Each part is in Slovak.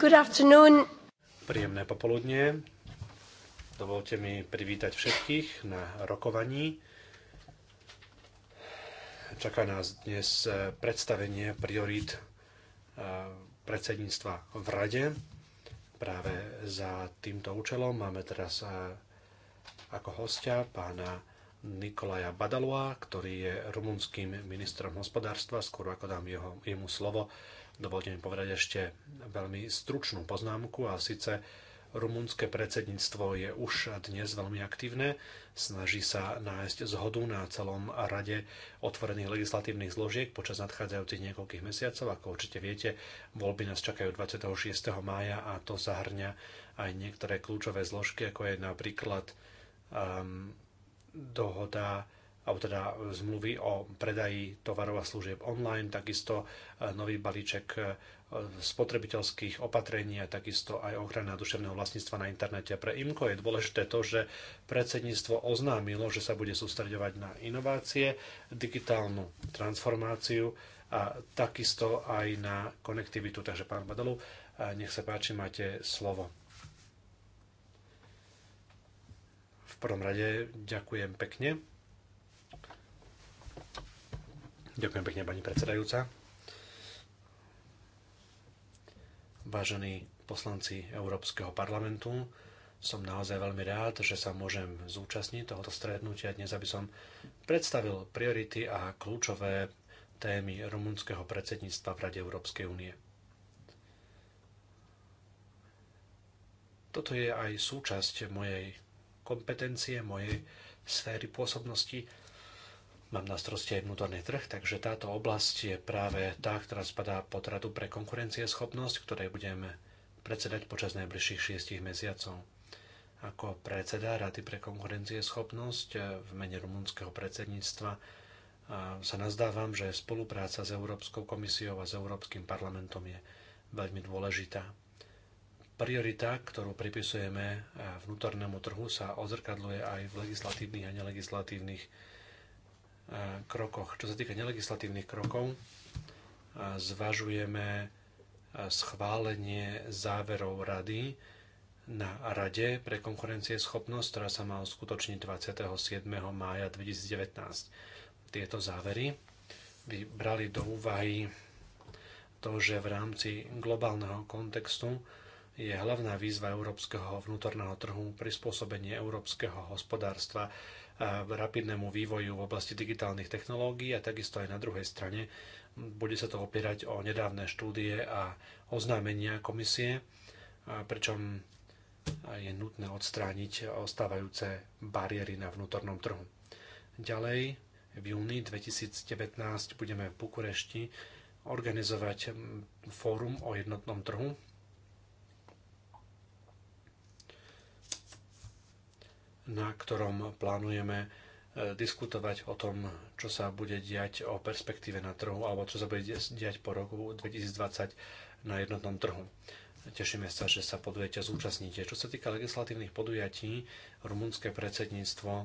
Good afternoon. Príjemné popoludnie. Dovolte mi privítať všetkých na rokovaní. Čaká nás dnes eh, predstavenie priorít eh, predsedníctva v Rade. Práve za týmto účelom máme teraz eh, ako hostia pána Nikolaja Badalua, ktorý je rumunským ministrom hospodárstva. Skôr ako dám jeho, jemu slovo, Dovolte mi povedať ešte veľmi stručnú poznámku a síce rumunské predsedníctvo je už dnes veľmi aktívne, snaží sa nájsť zhodu na celom rade otvorených legislatívnych zložiek počas nadchádzajúcich niekoľkých mesiacov. Ako určite viete, voľby nás čakajú 26. mája a to zahrňa aj niektoré kľúčové zložky, ako je napríklad um, dohoda alebo teda zmluvy o predaji tovarov a služieb online, takisto e, nový balíček e, spotrebiteľských opatrení a takisto aj ochrana duševného vlastníctva na internete. Pre IMCO je dôležité to, že predsedníctvo oznámilo, že sa bude sústredovať na inovácie, digitálnu transformáciu a takisto aj na konektivitu. Takže pán Badalu, e, nech sa páči, máte slovo. V prvom rade ďakujem pekne Ďakujem pekne, pani predsedajúca. Vážení poslanci Európskeho parlamentu, som naozaj veľmi rád, že sa môžem zúčastniť tohoto stretnutia dnes, aby som predstavil priority a kľúčové témy rumunského predsedníctva v Rade Európskej únie. Toto je aj súčasť mojej kompetencie, mojej sféry pôsobnosti Mám na starosti aj vnútorný trh, takže táto oblasť je práve tá, ktorá spadá pod radu pre konkurencieschopnosť, ktorej budeme predsedať počas najbližších 6 mesiacov. Ako predseda Rady pre konkurencieschopnosť eh, v mene rumunského predsedníctva eh, sa nazdávam, že spolupráca s Európskou komisiou a s Európskym parlamentom je veľmi dôležitá. Priorita, ktorú pripisujeme eh, vnútornému trhu, sa odzrkadluje aj v legislatívnych a nelegislatívnych krokoch. Čo sa týka nelegislatívnych krokov, zvažujeme schválenie záverov rady na Rade pre konkurencieschopnosť, ktorá sa má uskutočniť 27. mája 2019. Tieto závery by brali do úvahy to, že v rámci globálneho kontextu je hlavná výzva európskeho vnútorného trhu prispôsobenie európskeho hospodárstva rapidnému vývoju v oblasti digitálnych technológií a takisto aj na druhej strane bude sa to opierať o nedávne štúdie a oznámenia komisie, pričom je nutné odstrániť ostávajúce bariéry na vnútornom trhu. Ďalej, v júni 2019 budeme v Bukurešti organizovať fórum o jednotnom trhu, na ktorom plánujeme e, diskutovať o tom, čo sa bude diať o perspektíve na trhu alebo čo sa bude diať po roku 2020 na jednotnom trhu. Tešíme sa, že sa podujete zúčastníte. Čo sa týka legislatívnych podujatí, rumunské predsedníctvo e,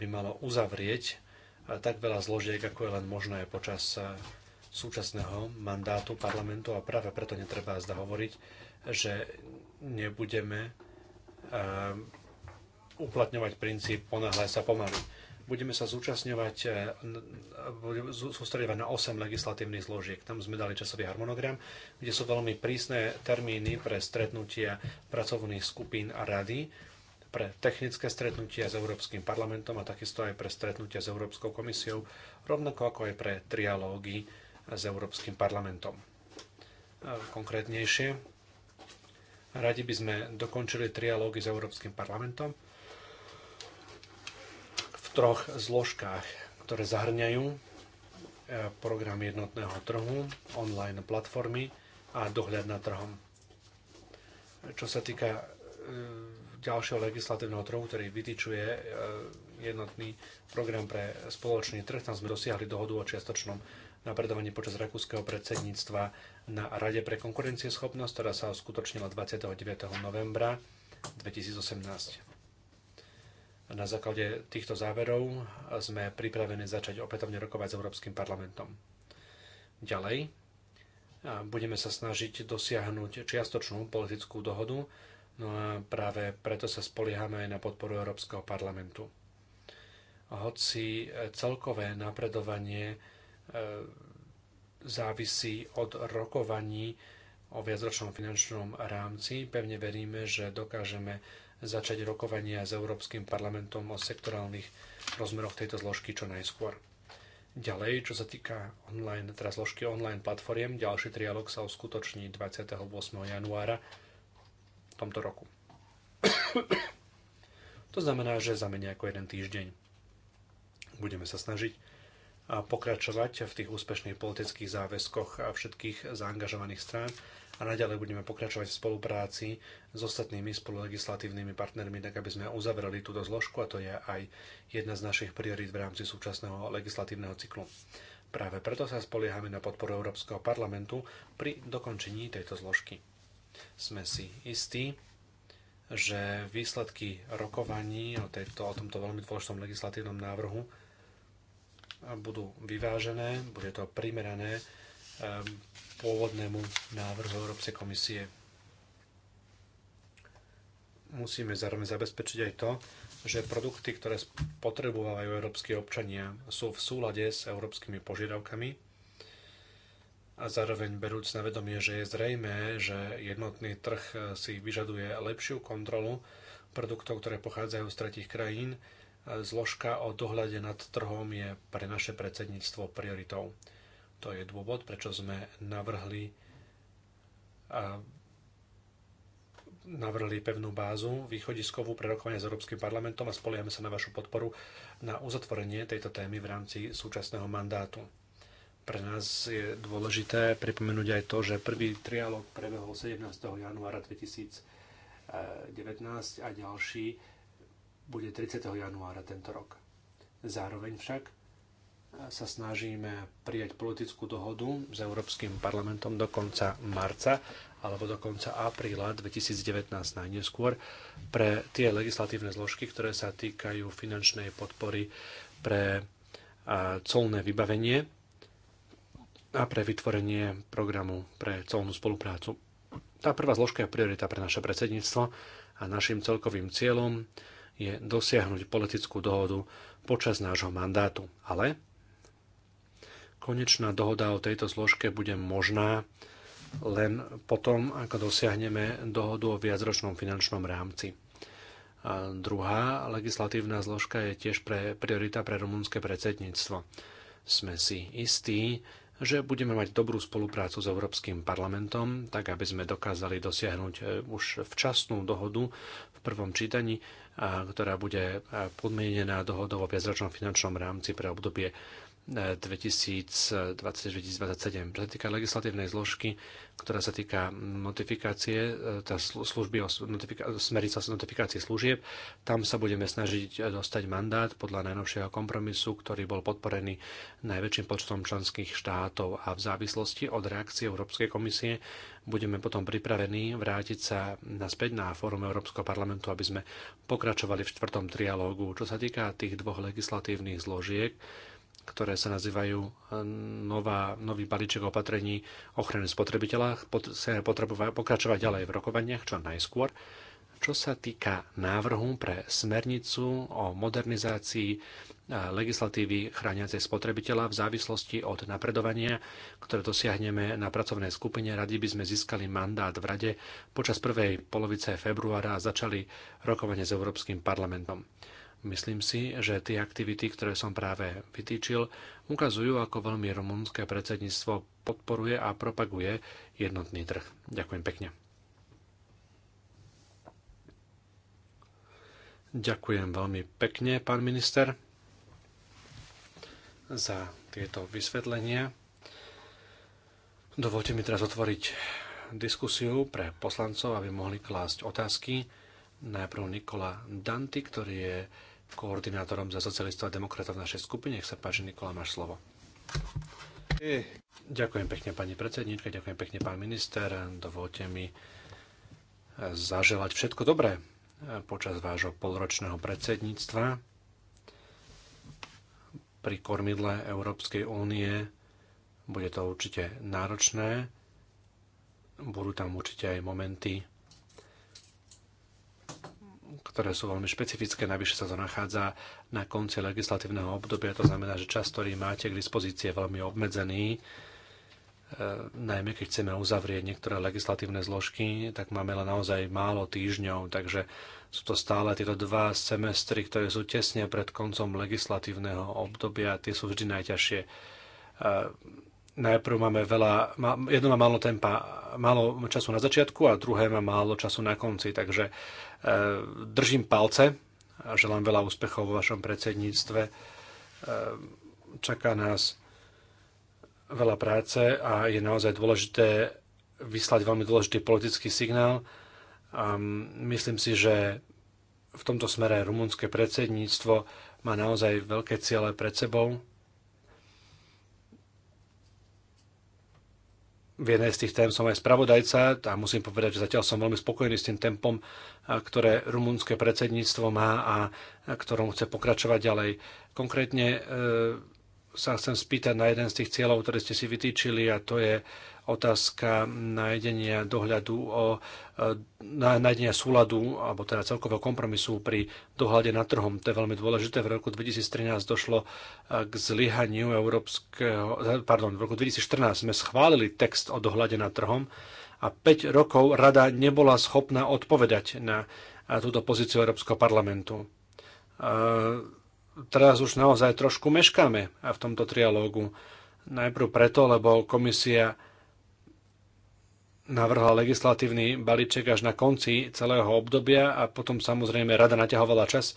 by malo uzavrieť e, tak veľa zložiek, ako je len možné počas súčasného mandátu parlamentu a práve preto netreba zda hovoriť, že nebudeme uplatňovať princíp ponáhľaj sa pomaly. Budeme sa zúčastňovať, e, sústredovať na 8 legislatívnych zložiek. Tam sme dali časový harmonogram, kde sú veľmi prísne termíny pre stretnutia pracovných skupín a rady, pre technické stretnutia s Európskym parlamentom a takisto aj pre stretnutia s Európskou komisiou, rovnako ako aj pre trialógy s Európskym parlamentom. E, konkrétnejšie, radi by sme dokončili trialógy s Európskym parlamentom troch zložkách, ktoré zahrňajú e, program jednotného trhu, online platformy a dohľad na trhom. Čo sa týka e, ďalšieho legislatívneho trhu, ktorý vytýčuje e, jednotný program pre spoločný trh, tam sme dosiahli dohodu o čiastočnom napredovaní počas rakúskeho predsedníctva na Rade pre konkurencieschopnosť, ktorá sa uskutočnila 29. novembra 2018. Na základe týchto záverov sme pripravení začať opätovne rokovať s Európskym parlamentom. Ďalej, budeme sa snažiť dosiahnuť čiastočnú politickú dohodu, no a práve preto sa spoliehame aj na podporu Európskeho parlamentu. Hoci celkové napredovanie e, závisí od rokovaní o viacročnom finančnom rámci, pevne veríme, že dokážeme začať rokovania s Európskym parlamentom o sektorálnych rozmeroch tejto zložky čo najskôr. Ďalej, čo sa týka online, teda zložky online platformiem, ďalší trialog sa uskutoční 28. januára v tomto roku. to znamená, že za menej ako jeden týždeň budeme sa snažiť pokračovať v tých úspešných politických záväzkoch a všetkých zaangažovaných strán a naďalej budeme pokračovať v spolupráci s ostatnými spolulegislatívnymi partnermi, tak aby sme uzavreli túto zložku a to je aj jedna z našich priorít v rámci súčasného legislatívneho cyklu. Práve preto sa spoliehame na podporu Európskeho parlamentu pri dokončení tejto zložky. Sme si istí, že výsledky rokovaní o, tejto, o tomto veľmi dôležitom legislatívnom návrhu budú vyvážené, bude to primerané eh, pôvodnému návrhu Európskej komisie. Musíme zároveň zabezpečiť aj to, že produkty, ktoré potrebovajú európsky občania, sú v súlade s európskymi požiadavkami a zároveň berúc na vedomie, že je zrejmé, že jednotný trh eh, si vyžaduje lepšiu kontrolu produktov, ktoré pochádzajú z tretich krajín, zložka o dohľade nad trhom je pre naše predsedníctvo prioritou. To je dôvod, prečo sme navrhli navrhli pevnú bázu východiskovú pre rokovania s Európskym parlamentom a spoliehame sa na vašu podporu na uzatvorenie tejto témy v rámci súčasného mandátu. Pre nás je dôležité pripomenúť aj to, že prvý trialog prebehol 17. januára 2019 e, a ďalší bude 30. januára tento rok. Zároveň však sa snažíme prijať politickú dohodu s Európskym parlamentom do konca marca alebo do konca apríla 2019 najneskôr pre tie legislatívne zložky, ktoré sa týkajú finančnej podpory pre colné vybavenie a pre vytvorenie programu pre colnú spoluprácu. Tá prvá zložka je priorita pre naše predsedníctvo a našim celkovým cieľom je dosiahnuť politickú dohodu počas nášho mandátu. Ale konečná dohoda o tejto zložke bude možná len potom, ako dosiahneme dohodu o viacročnom finančnom rámci. A druhá legislatívna zložka je tiež pre priorita pre rumunské predsedníctvo. Sme si istí, že budeme mať dobrú spoluprácu s Európskym parlamentom, tak aby sme dokázali dosiahnuť e, už včasnú dohodu v prvom čítaní, ktorá bude e, podmienená dohodou o viacročnom finančnom rámci pre obdobie 2020-2027. E, Čo sa týka legislatívnej zložky, ktorá sa týka notifikácie, e, tá služby o notifika- smernica notifikácie služieb. Tam sa budeme snažiť dostať mandát podľa najnovšieho kompromisu, ktorý bol podporený najväčším počtom členských štátov a v závislosti od reakcie Európskej komisie budeme potom pripravení vrátiť sa naspäť na fórum Európskeho parlamentu, aby sme pokračovali v štvrtom trialógu. Čo sa týka tých dvoch legislatívnych zložiek, ktoré sa nazývajú e, nová, nový balíček opatrení ochrany spotrebiteľa. potrebuje pokračovať ďalej v rokovaniach čo najskôr. Čo sa týka návrhu pre smernicu o modernizácii e, legislatívy chrániacej spotrebiteľa v závislosti od napredovania, ktoré dosiahneme na pracovnej skupine, radi by sme získali mandát v Rade počas prvej polovice februára a začali rokovanie s Európskym parlamentom. Myslím si, že tie aktivity, ktoré som práve vytýčil, ukazujú, ako veľmi rumunské predsedníctvo podporuje a propaguje jednotný trh. Ďakujem pekne. Ďakujem veľmi pekne, pán minister, za tieto vysvetlenia. Dovolte mi teraz otvoriť diskusiu pre poslancov, aby mohli klásť otázky. Najprv Nikola Danti, ktorý je koordinátorom za socialistov a demokratov v našej skupine. Nech sa páči, Nikola, máš slovo. Ďakujem pekne, pani predsednička, ďakujem pekne, pán minister. Dovolte mi zaželať všetko dobré počas vášho polročného predsedníctva pri kormidle Európskej únie. Bude to určite náročné. Budú tam určite aj momenty, ktoré sú veľmi špecifické, najvyššie sa to nachádza na konci legislatívneho obdobia, to znamená, že čas, ktorý máte k dispozícii, je veľmi obmedzený e, najmä keď chceme uzavrieť niektoré legislatívne zložky, tak máme len naozaj málo týždňov, takže sú to stále tieto dva semestry, ktoré sú tesne pred koncom legislatívneho obdobia, tie sú vždy najťažšie. E, najprv máme veľa, jedno má málo tempa, málo času na začiatku a druhé má málo času na konci, takže e, držím palce a želám veľa úspechov vo vašom predsedníctve. E, čaká nás veľa práce a je naozaj dôležité vyslať veľmi dôležitý politický signál. myslím si, že v tomto smere rumunské predsedníctvo má naozaj veľké ciele pred sebou v jednej z tých tém som aj spravodajca a musím povedať, že zatiaľ som veľmi spokojný s tým tempom, ktoré rumunské predsedníctvo má a ktorom chce pokračovať ďalej. Konkrétne e, sa chcem spýtať na jeden z tých cieľov, ktoré ste si vytýčili a to je otázka nájdenia dohľadu o e, nájdenia súladu, alebo teda celkového kompromisu pri dohľade nad trhom. To je veľmi dôležité. V roku 2013 došlo e, k zlyhaniu európskeho, e, pardon, v roku 2014 sme schválili text o dohľade nad trhom a 5 rokov rada nebola schopná odpovedať na túto pozíciu Európskeho parlamentu. Teraz už naozaj trošku meškáme v tomto trialógu. Najprv preto, lebo komisia navrhla legislatívny balíček až na konci celého obdobia a potom samozrejme rada naťahovala čas,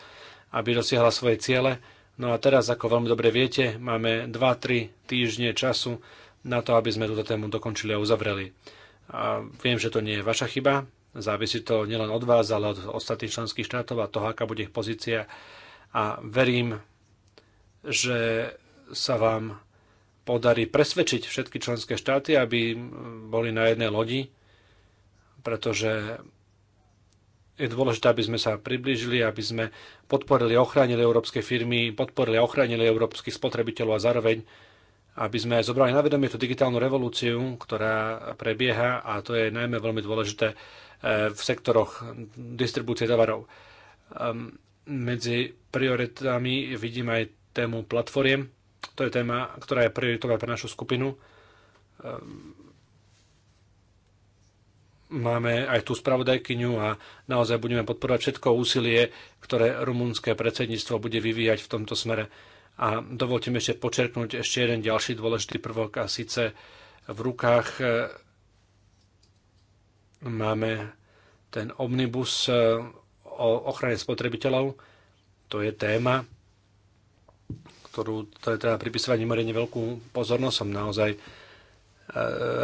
aby dosiahla svoje ciele. No a teraz, ako veľmi dobre viete, máme 2-3 týždne času na to, aby sme túto tému dokončili a uzavreli. A viem, že to nie je vaša chyba, závisí to nielen od vás, ale od ostatných členských štátov a toho, aká bude ich pozícia. A verím, že sa vám podarí presvedčiť všetky členské štáty, aby boli na jednej lodi, pretože je dôležité, aby sme sa priblížili, aby sme podporili a ochránili európske firmy, podporili a ochránili európskych spotrebiteľov a zároveň aby sme zobrali na vedomie tú digitálnu revolúciu, ktorá prebieha a to je najmä veľmi dôležité e, v sektoroch distribúcie tovarov. Ehm, medzi prioritami vidím aj tému platformiem, to je téma, ktorá je prioritová pre našu skupinu. Ehm, máme aj tú spravodajkyňu a naozaj budeme podporovať všetko úsilie, ktoré rumunské predsedníctvo bude vyvíjať v tomto smere. A dovolte mi ešte počerknúť ešte jeden ďalší dôležitý prvok a síce v rukách ehm, máme ten omnibus ehm, o ochrane spotrebiteľov. To je téma, ktorú teda pripisovať mimoriadne veľkú pozornosť. Som naozaj e,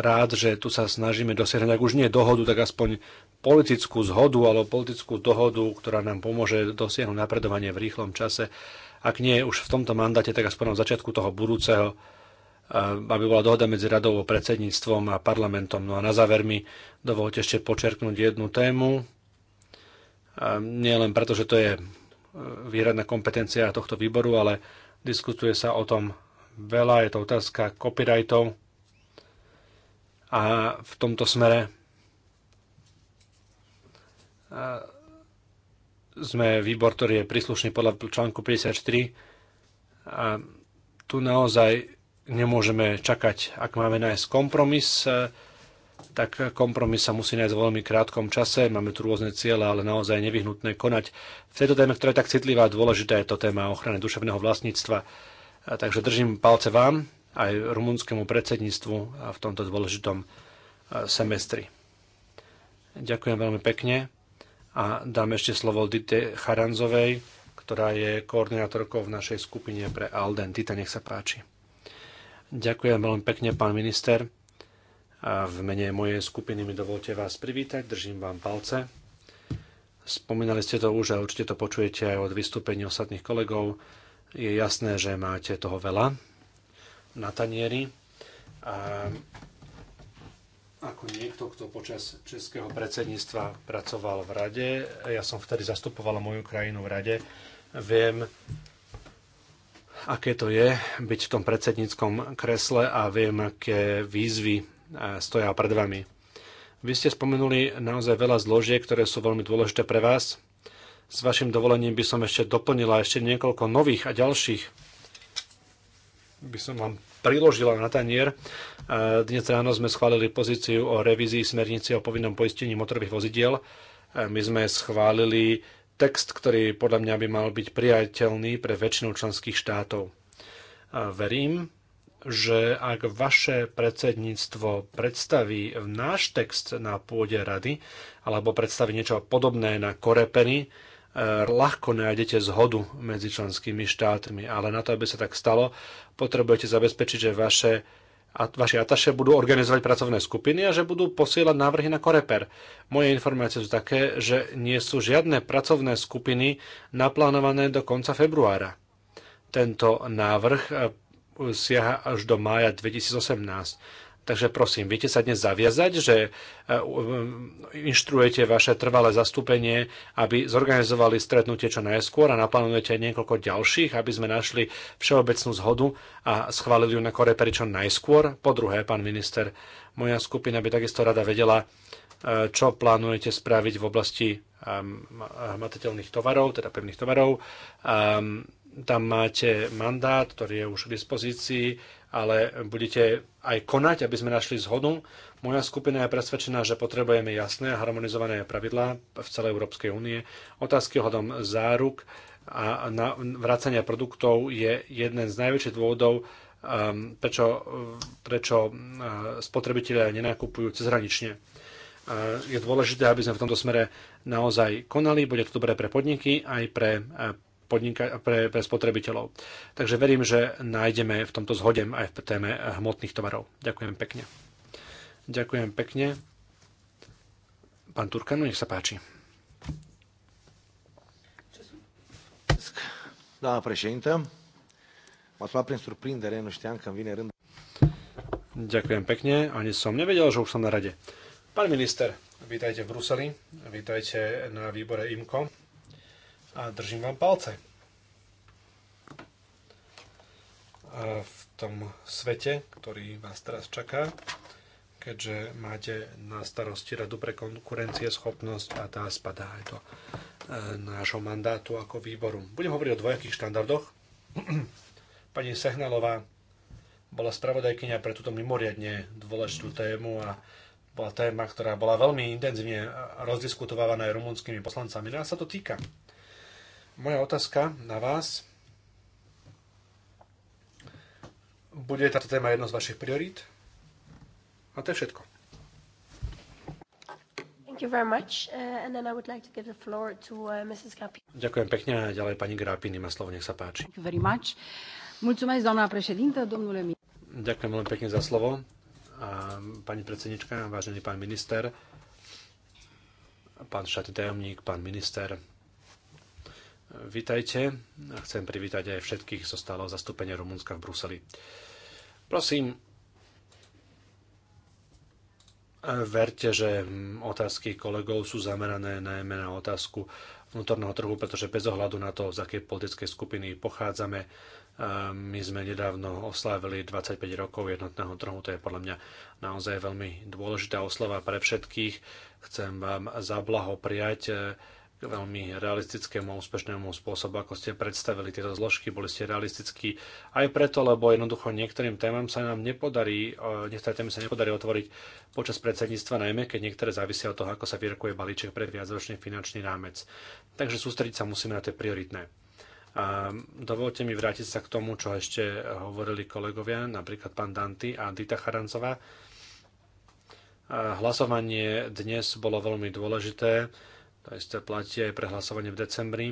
rád, že tu sa snažíme dosiahnuť, ak už nie dohodu, tak aspoň politickú zhodu alebo politickú dohodu, ktorá nám pomôže dosiahnuť napredovanie v rýchlom čase. Ak nie už v tomto mandáte, tak aspoň na začiatku toho budúceho, e, aby bola dohoda medzi radou, predsedníctvom a parlamentom. No a na záver mi dovolte ešte počerknúť jednu tému. E, nie len preto, že to je výhradná kompetencia tohto výboru, ale Diskutuje sa o tom veľa, je to otázka copyrightov a v tomto smere sme výbor, ktorý je príslušný podľa článku 54 a tu naozaj nemôžeme čakať, ak máme nájsť kompromis, tak kompromis sa musí nájsť v veľmi krátkom čase. Máme tu rôzne ciele, ale naozaj nevyhnutné konať. V tejto téme, ktorá je tak citlivá a dôležitá, je to téma ochrany duševného vlastníctva. A takže držím palce vám aj rumunskému predsedníctvu v tomto dôležitom e, semestri. Ďakujem veľmi pekne a dám ešte slovo Dite Charanzovej, ktorá je koordinátorkou v našej skupine pre Alden. Dita, nech sa páči. Ďakujem veľmi pekne, pán minister. V mene mojej skupiny mi dovolte vás privítať, držím vám palce. Spomínali ste to už a určite to počujete aj od vystúpení ostatných kolegov. Je jasné, že máte toho veľa na tanieri. A ako niekto, kto počas českého predsedníctva pracoval v rade, ja som vtedy zastupoval moju krajinu v rade, viem, aké to je byť v tom predsedníckom kresle a viem, aké výzvy stoja pred vami. Vy ste spomenuli naozaj veľa zložiek, ktoré sú veľmi dôležité pre vás. S vašim dovolením by som ešte doplnila ešte niekoľko nových a ďalších by som vám priložila na tanier. Dnes ráno sme schválili pozíciu o revízii smernice o povinnom poistení motorových vozidiel. My sme schválili text, ktorý podľa mňa by mal byť priateľný pre väčšinu členských štátov. Verím, že ak vaše predsedníctvo predstaví náš text na pôde rady alebo predstaví niečo podobné na korepeny, eh, ľahko nájdete zhodu medzi členskými štátmi, ale na to, aby sa tak stalo, potrebujete zabezpečiť, že vaše a vaši ataše budú organizovať pracovné skupiny a že budú posielať návrhy na koreper. Moje informácie sú také, že nie sú žiadne pracovné skupiny naplánované do konca februára. Tento návrh eh, siaha až do mája 2018. Takže prosím, viete sa dnes zaviazať, že e, inštruujete vaše trvalé zastúpenie, aby zorganizovali stretnutie čo najskôr a naplánujete niekoľko ďalších, aby sme našli všeobecnú zhodu a schválili ju na koreperi čo najskôr. Po druhé, pán minister, moja skupina by takisto rada vedela, e, čo plánujete spraviť v oblasti e, hmatateľných tovarov, teda pevných tovarov, tam máte mandát, ktorý je už k dispozícii, ale budete aj konať, aby sme našli zhodu. Moja skupina je presvedčená, že potrebujeme jasné a harmonizované pravidlá v celej Európskej únie. Otázky ohľadom záruk a na vracania produktov je jeden z najväčších dôvodov, um, prečo, prečo uh, spotrebitelia nenakupujú cezhranične. Uh, je dôležité, aby sme v tomto smere naozaj konali. Bude to dobré pre podniky, aj pre uh, podnika- pre, pre spotrebiteľov. Takže verím, že nájdeme v tomto zhodem aj v téme hmotných tovarov. Ďakujem pekne. Ďakujem pekne. Pán Turkanu, nech sa páči. Doamna președintă, m-ați luat prin surprindere, nu știam că vine Ďakujem pekne, ani som nevedel, že už som na rade. Pán minister, vítajte v Bruseli, vítajte na výbore IMCO a držím vám palce. A v tom svete, ktorý vás teraz čaká, keďže máte na starosti Radu pre schopnosť a tá spadá aj do e, nášho mandátu ako výboru. Budem hovoriť o dvojakých štandardoch. Pani Sehnalová bola spravodajkynia pre túto mimoriadne dôležitú tému a bola téma, ktorá bola veľmi intenzívne rozdiskutovaná aj rumunskými poslancami. Nás no sa to týka. Moja otázka na vás. Bude táto téma jedno z vašich priorít? A to je všetko. Uh, uh, Ďakujem pekne a ďalej pani Grápiny má slovo, nech sa páči. Ďakujem veľmi pekne za slovo. A pani predsednička, vážený pán minister, pán štátny tajomník, pán minister, Vítajte. Chcem privítať aj všetkých zo stáleho zastúpenia Rumunska v Bruseli. Prosím, verte, že otázky kolegov sú zamerané najmä na otázku vnútorného trhu, pretože bez ohľadu na to, z akej politickej skupiny pochádzame, eh, my sme nedávno oslávili 25 rokov jednotného trhu, to je podľa mňa naozaj veľmi dôležitá oslava pre všetkých. Chcem vám zablahopriať prijať eh, veľmi realistickému a úspešnému spôsobu, ako ste predstavili tieto zložky, boli ste realistickí aj preto, lebo jednoducho niektorým témam sa nám nepodarí, e, niektoré témy sa nepodarí otvoriť počas predsedníctva, najmä keď niektoré závisia od toho, ako sa vyrokuje balíček pre viacročný finančný rámec. Takže sústrediť sa musíme na tie prioritné. A dovolte mi vrátiť sa k tomu, čo ešte hovorili kolegovia, napríklad pán Danty a Dita Charancová. Hlasovanie dnes bolo veľmi dôležité to isté platí aj pre hlasovanie v decembri.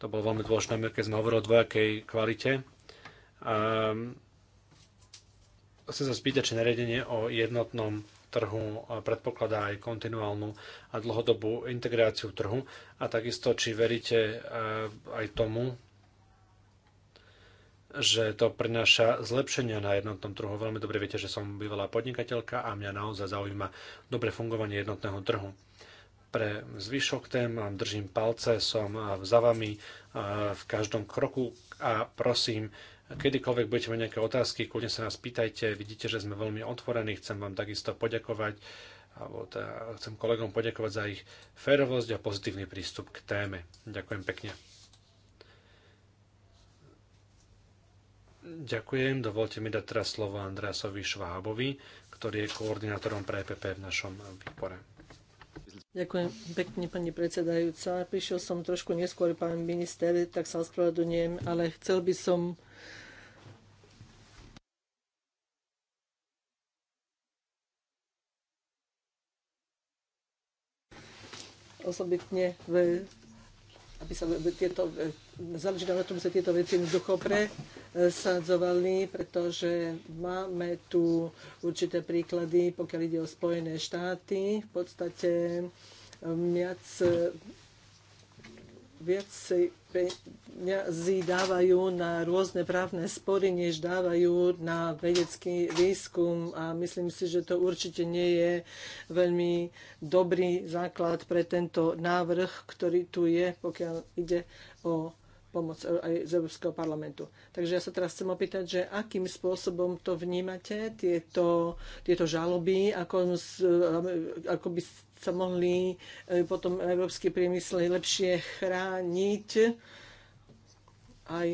To bolo veľmi dôležité, keď sme hovorili o dvojakej kvalite. Um, chcem sa spýtať, či nariadenie o jednotnom trhu predpokladá aj kontinuálnu a dlhodobú integráciu trhu a takisto, či veríte e, aj tomu, že to prináša zlepšenia na jednotnom trhu. Veľmi dobre viete, že som bývalá podnikateľka a mňa naozaj zaujíma dobre fungovanie jednotného trhu pre zvyšok tém vám držím palce, som za vami v každom kroku a prosím, kedykoľvek budete mať nejaké otázky, kľudne sa nás pýtajte, vidíte, že sme veľmi otvorení, chcem vám takisto poďakovať alebo teda chcem kolegom poďakovať za ich férovosť a pozitívny prístup k téme. Ďakujem pekne. Ďakujem, dovolte mi dať teraz slovo Andreasovi Švábovi, ktorý je koordinátorom pre EPP v našom výpore. Ďakujem pekne, pani predsedajúca. Prišiel som trošku neskôr, pán minister, tak sa ospravedlňujem, ale chcel by som osobitne v aby sa tieto, záleží na tom, že tieto veci jednoducho pre sadzovali, pretože máme tu určité príklady, pokiaľ ide o Spojené štáty. V podstate ehm, viac, si peniazy dávajú na rôzne právne spory, než dávajú na vedecký výskum a myslím si, že to určite nie je veľmi dobrý základ pre tento návrh, ktorý tu je, pokiaľ ide o pomoc aj z Európskeho parlamentu. Takže ja sa teraz chcem opýtať, že akým spôsobom to vnímate, tieto, tieto žaloby, ako, ako by sa mohli e, potom európsky priemysel lepšie chrániť aj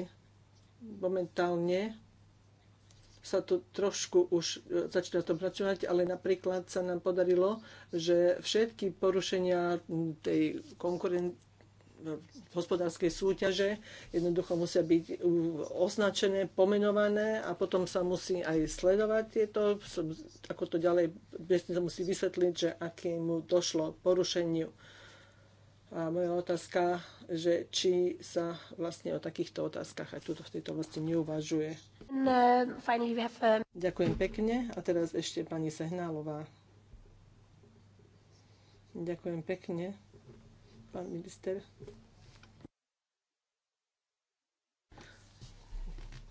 momentálne sa to trošku už e, začína to pracovať, ale napríklad sa nám podarilo, že všetky porušenia tej konkurencie hospodárskej súťaže. Jednoducho musia byť uh, označené, pomenované a potom sa musí aj sledovať tieto, ako to ďalej, sa musí vysvetliť, že akému došlo porušeniu. A moja otázka, že či sa vlastne o takýchto otázkach aj tuto v tejto oblasti neuvažuje. No, have... Um, Ďakujem pekne. A teraz ešte pani Sehnálová. Ďakujem pekne pán minister.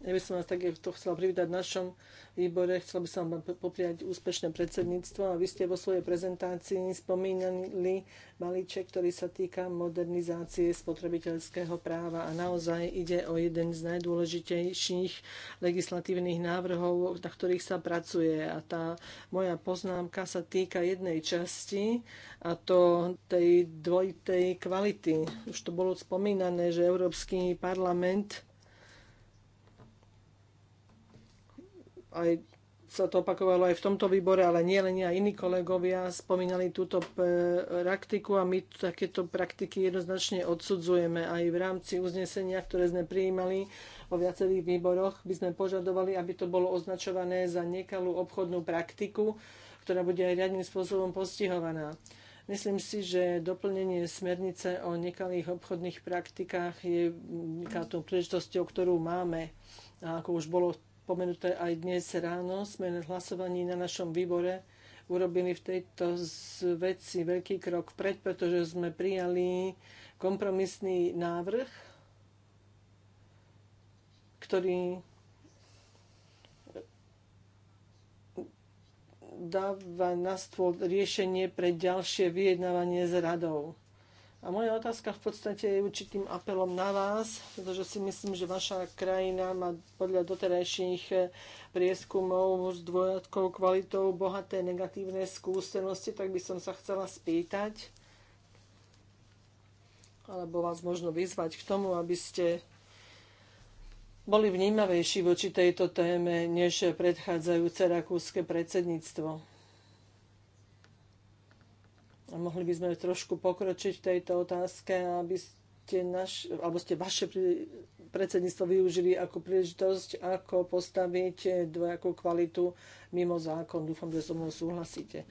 Ja by som vás tak to chcela privítať v našom výbore. Chcela by som vám popriať úspešné predsedníctvo a vy ste vo svojej prezentácii spomínali balíček, ktorý sa týka modernizácie spotrebiteľského práva a naozaj ide o jeden z najdôležitejších legislatívnych návrhov, na ktorých sa pracuje. A tá moja poznámka sa týka jednej časti a to tej dvojitej kvality. Už to bolo spomínané, že Európsky parlament aj sa to opakovalo aj v tomto výbore, ale nie len ja, iní kolegovia spomínali túto e, praktiku a my takéto praktiky jednoznačne odsudzujeme. Aj v rámci uznesenia, ktoré sme prijímali o viacerých výboroch, by sme požadovali, aby to bolo označované za nekalú obchodnú praktiku, ktorá bude aj riadným spôsobom postihovaná. Myslím si, že doplnenie smernice o nekalých obchodných praktikách je takou príležitosťou, ktorú máme. A ako už bolo spomenuté aj dnes ráno, sme na hlasovaní na našom výbore urobili v tejto veci veľký krok vpred, pretože sme prijali kompromisný návrh, ktorý dáva na stôl riešenie pre ďalšie vyjednávanie s radou. A moja otázka v podstate je určitým apelom na vás, pretože si myslím, že vaša krajina má podľa doterajších eh, prieskumov s dvojatkou kvalitou bohaté negatívne skúsenosti, tak by som sa chcela spýtať, alebo vás možno vyzvať k tomu, aby ste boli vnímavejší voči tejto téme než predchádzajúce rakúske predsedníctvo. A mohli by sme trošku pokročiť v tejto otázke, aby ste, naš, alebo ste vaše predsedníctvo využili ako príležitosť, ako postaviť dvojakú kvalitu mimo zákon. Dúfam, že so mnou súhlasíte.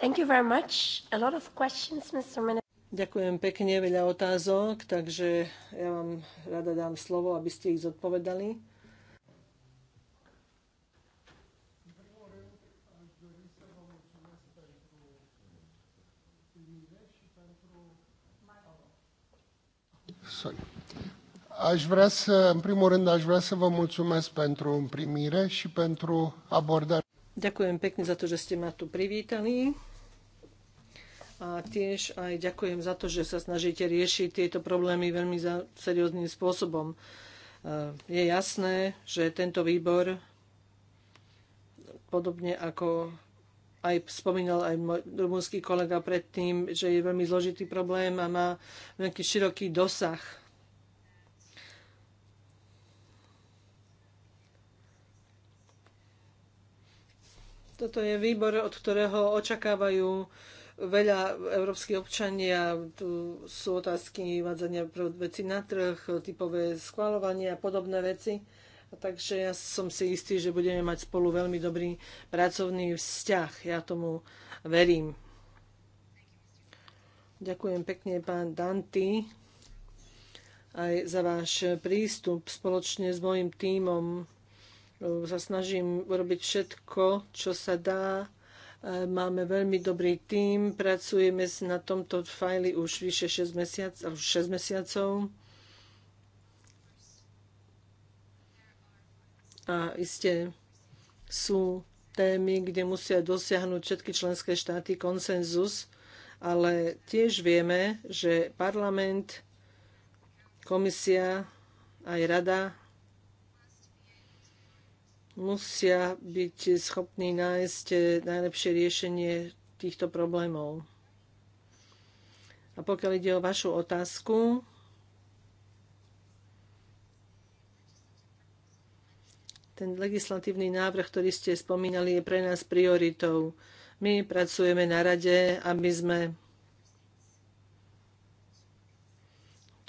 Thank you very much. A lot of questions, Mr. Minister. Ďakujem pekne, veľa otázok, takže ja vám rada dám slovo, aby ste ich zodpovedali. Sorry. Aș vrea să, în primul rând, aș vrea să vă mulțumesc pentru primire și pentru abordare. Ďakujem pekne za to, že ste ma tu privítali. A tiež aj ďakujem za to, že sa snažíte riešiť tieto problémy veľmi za serióznym spôsobom. E, je jasné, že tento výbor, podobne ako aj spomínal aj môj rumúnsky kolega predtým, že je veľmi zložitý problém a má nejaký široký dosah. Toto je výbor, od ktorého očakávajú veľa európskych občania. Tu sú otázky vádzania veci na trh, typové skvalovanie a podobné veci takže ja som si istý, že budeme mať spolu veľmi dobrý pracovný vzťah. Ja tomu verím. Ďakujem pekne, pán Danty, aj za váš prístup spoločne s mojim tímom. E, sa snažím urobiť všetko, čo sa dá. E, máme veľmi dobrý tím, pracujeme na tomto fajli už vyše 6 mesiac, 6 mesiacov A iste sú témy, kde musia dosiahnuť všetky členské štáty konsenzus, ale tiež vieme, že parlament, komisia aj rada musia byť schopní nájsť najlepšie riešenie týchto problémov. A pokiaľ ide o vašu otázku, Ten legislatívny návrh, ktorý ste spomínali, je pre nás prioritou. My pracujeme na rade, aby sme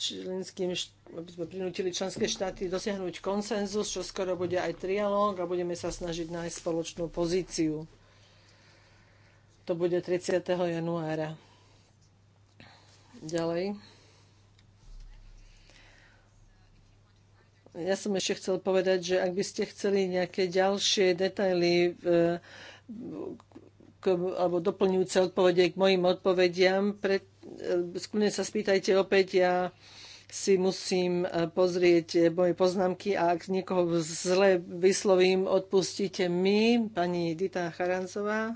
členským, aby sme prinútili členské štáty dosiahnuť konsenzus, čo skoro bude aj trialóg a budeme sa snažiť nájsť spoločnú pozíciu. To bude 30. januára. Ďalej. Ja som ešte chcel povedať, že ak by ste chceli nejaké ďalšie detaily v, e, k, alebo doplňujúce odpovede k mojim odpovediam, e, skúne sa spýtajte opäť, ja si musím e, pozrieť moje poznámky a ak niekoho zle vyslovím, odpustite mi, pani Dita Charanzová.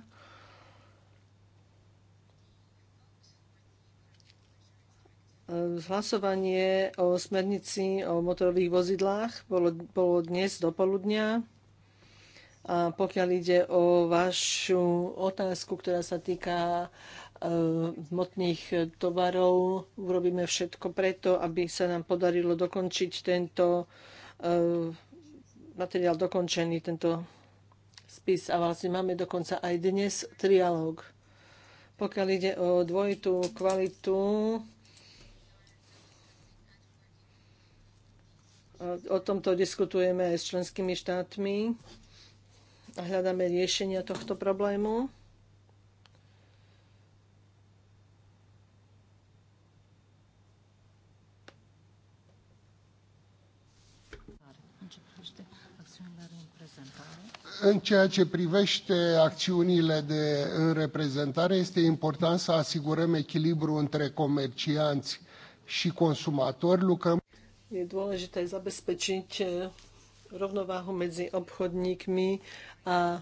Ehm, hlasovanie o smernici o motorových vozidlách bolo, bolo dnes do poludnia. A pokiaľ ide o vašu otázku, ktorá sa týka ehm, hmotných tovarov. Urobíme všetko preto, aby sa nám podarilo dokončiť tento ehm, materiál dokončený, tento spis. A vlastne máme dokonca aj dnes trialóg. Pokiaľ ide o dvojitú kvalitu, O tomto diskutujeme aj s členskými štátmi a hľadáme riešenia tohto problému. În ceea ce privește acțiunile de reprezentare, este important să asigurăm echilibru între comercianți și consumatori. Lucrăm je dôležité zabezpečiť e, rovnováhu medzi obchodníkmi a e,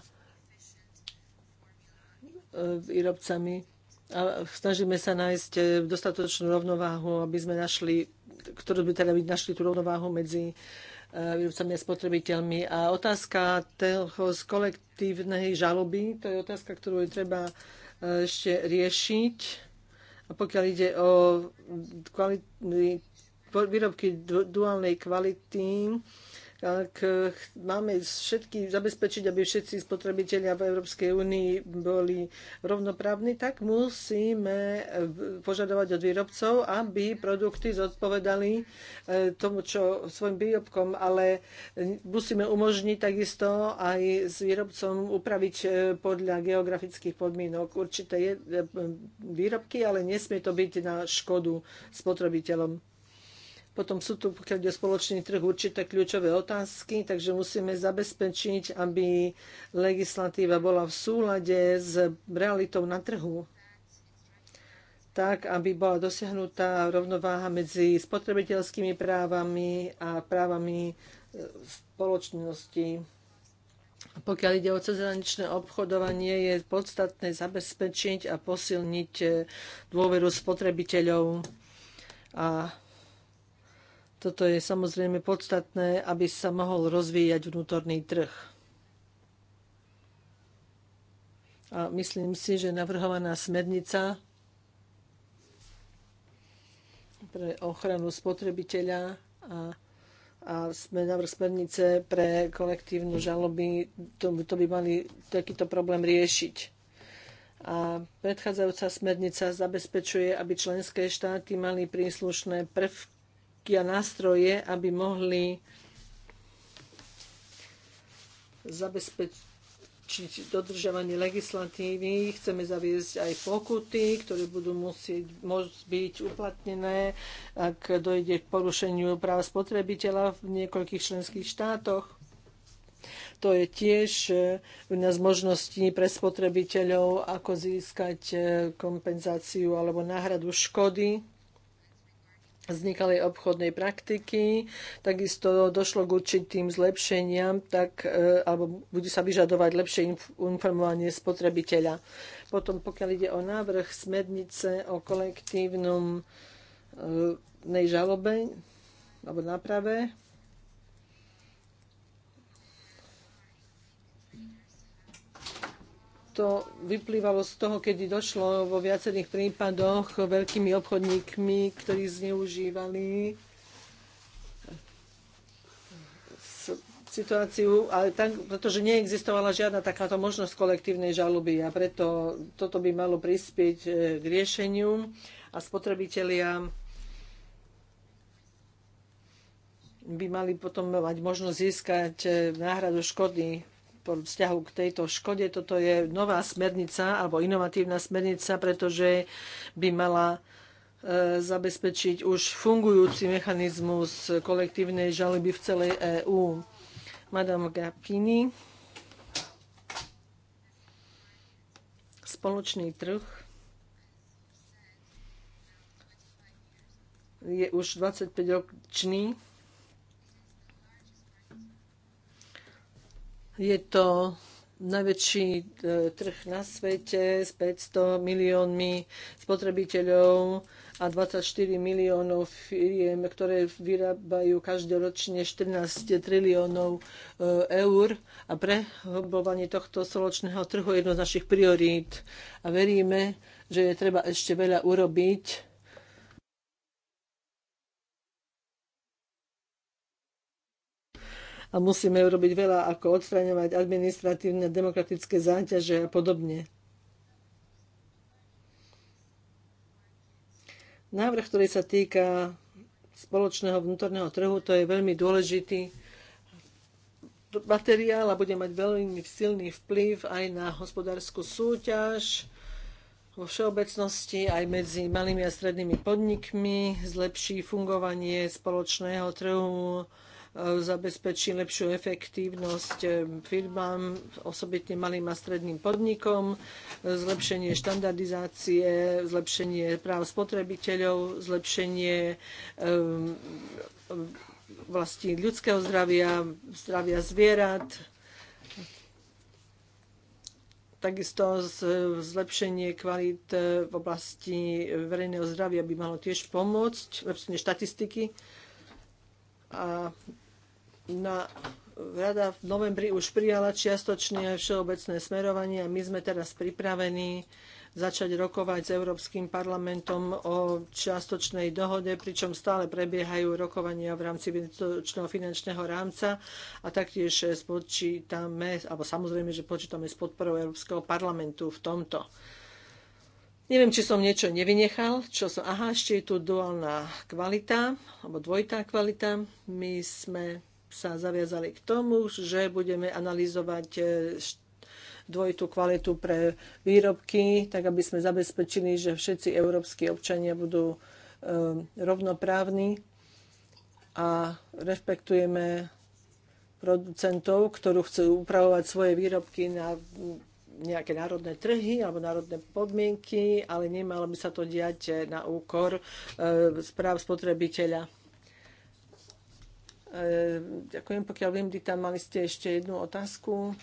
výrobcami. A snažíme sa nájsť e, dostatočnú rovnováhu, aby sme našli, ktorú by teda by našli tú rovnováhu medzi výrobcami a spotrebiteľmi. A otázka toho z kolektívnej žaloby, to je otázka, ktorú je treba ešte riešiť. A pokiaľ ide o kvalitný výrobky duálnej kvality, ak máme všetky zabezpečiť, aby všetci spotrebitelia v Európskej únii boli rovnoprávni, tak musíme požadovať od výrobcov, aby produkty zodpovedali e, tomu, čo svojim výrobkom, ale musíme umožniť takisto aj s výrobcom upraviť e, podľa geografických podmienok určité e, výrobky, ale nesmie to byť na škodu spotrebiteľom. Potom sú tu, pokiaľ je spoločný trh, určité kľúčové otázky, takže musíme zabezpečiť, aby legislatíva bola v súlade s realitou na trhu tak, aby bola dosiahnutá rovnováha medzi spotrebiteľskými právami a právami e, spoločnosti. Pokiaľ ide o cezhraničné obchodovanie, je podstatné zabezpečiť a posilniť e, dôveru spotrebiteľov a toto je samozrejme podstatné, aby sa mohol rozvíjať vnútorný trh. A myslím si, že navrhovaná smernica pre ochranu spotrebiteľa a, a navrh smernice pre kolektívnu žaloby, to, to by mali takýto problém riešiť. A predchádzajúca smernica zabezpečuje, aby členské štáty mali príslušné prvky prostriedky a nástroje, aby mohli zabezpečiť dodržiavanie legislatívy. Chceme zaviesť aj pokuty, ktoré budú musieť môcť byť uplatnené, ak dojde k porušeniu práv spotrebiteľa v niekoľkých členských štátoch. To je tiež eh, jedna z možností pre spotrebiteľov, ako získať eh, kompenzáciu alebo náhradu škody vznikali obchodnej praktiky, takisto došlo k určitým zlepšeniam, tak, e, alebo bude sa vyžadovať lepšie informovanie spotrebiteľa. Potom, pokiaľ ide o návrh smernice o kolektívnom e, nej žalobe alebo náprave, to vyplývalo z toho, kedy došlo vo viacerých prípadoch veľkými obchodníkmi, ktorí zneužívali situáciu, ale tak, pretože neexistovala žiadna takáto možnosť kolektívnej žaluby a preto toto by malo prispieť e, k riešeniu a spotrebitelia by mali potom mať možnosť získať e, náhradu škody vzťahu k tejto škode. Toto je nová smernica alebo inovatívna smernica, pretože by mala e, zabezpečiť už fungujúci mechanizmus kolektívnej žaloby v celej EÚ. Madame Gapini. Spoločný trh je už 25-ročný Je to najväčší e, trh na svete s 500 miliónmi spotrebiteľov a 24 miliónov firiem, ktoré vyrábajú každoročne 14 triliónov e, eur a prehobovanie tohto soločného trhu je jedno z našich priorít. A veríme, že je treba ešte veľa urobiť a musíme urobiť veľa, ako odstraňovať administratívne, demokratické záťaže a podobne. Návrh, ktorý sa týka spoločného vnútorného trhu, to je veľmi dôležitý materiál a bude mať veľmi silný vplyv aj na hospodárskú súťaž vo všeobecnosti aj medzi malými a strednými podnikmi, zlepší fungovanie spoločného trhu zabezpečí lepšiu efektívnosť eh, firmám, osobitne malým a stredným podnikom, zlepšenie štandardizácie, zlepšenie práv spotrebiteľov, zlepšenie vlastne ľudského zdravia, zdravia zvierat, Takisto zlepšenie kvality eh, v oblasti verejného zdravia by malo tiež pomôcť, lepšenie štatistiky a na rada v novembri už prijala čiastočne aj všeobecné smerovanie a my sme teraz pripravení začať rokovať s Európskym parlamentom o čiastočnej dohode, pričom stále prebiehajú rokovania v rámci výtočného finančného rámca a taktiež spočítame, alebo samozrejme, že počítame s podporou Európskeho parlamentu v tomto. Neviem, či som niečo nevynechal. Čo som, aha, ešte je tu duálna kvalita, alebo dvojitá kvalita. My sme sa zaviazali k tomu, že budeme analyzovať e, dvojitú kvalitu pre výrobky, tak aby sme zabezpečili, že všetci európsky občania budú e, rovnoprávni a rešpektujeme producentov, ktorú chcú upravovať svoje výrobky na nejaké národné trhy alebo národné podmienky, ale nemalo by sa to diať na úkor e, správ spotrebiteľa. E, ďakujem, pokiaľ viem, tam mali ste ešte jednu otázku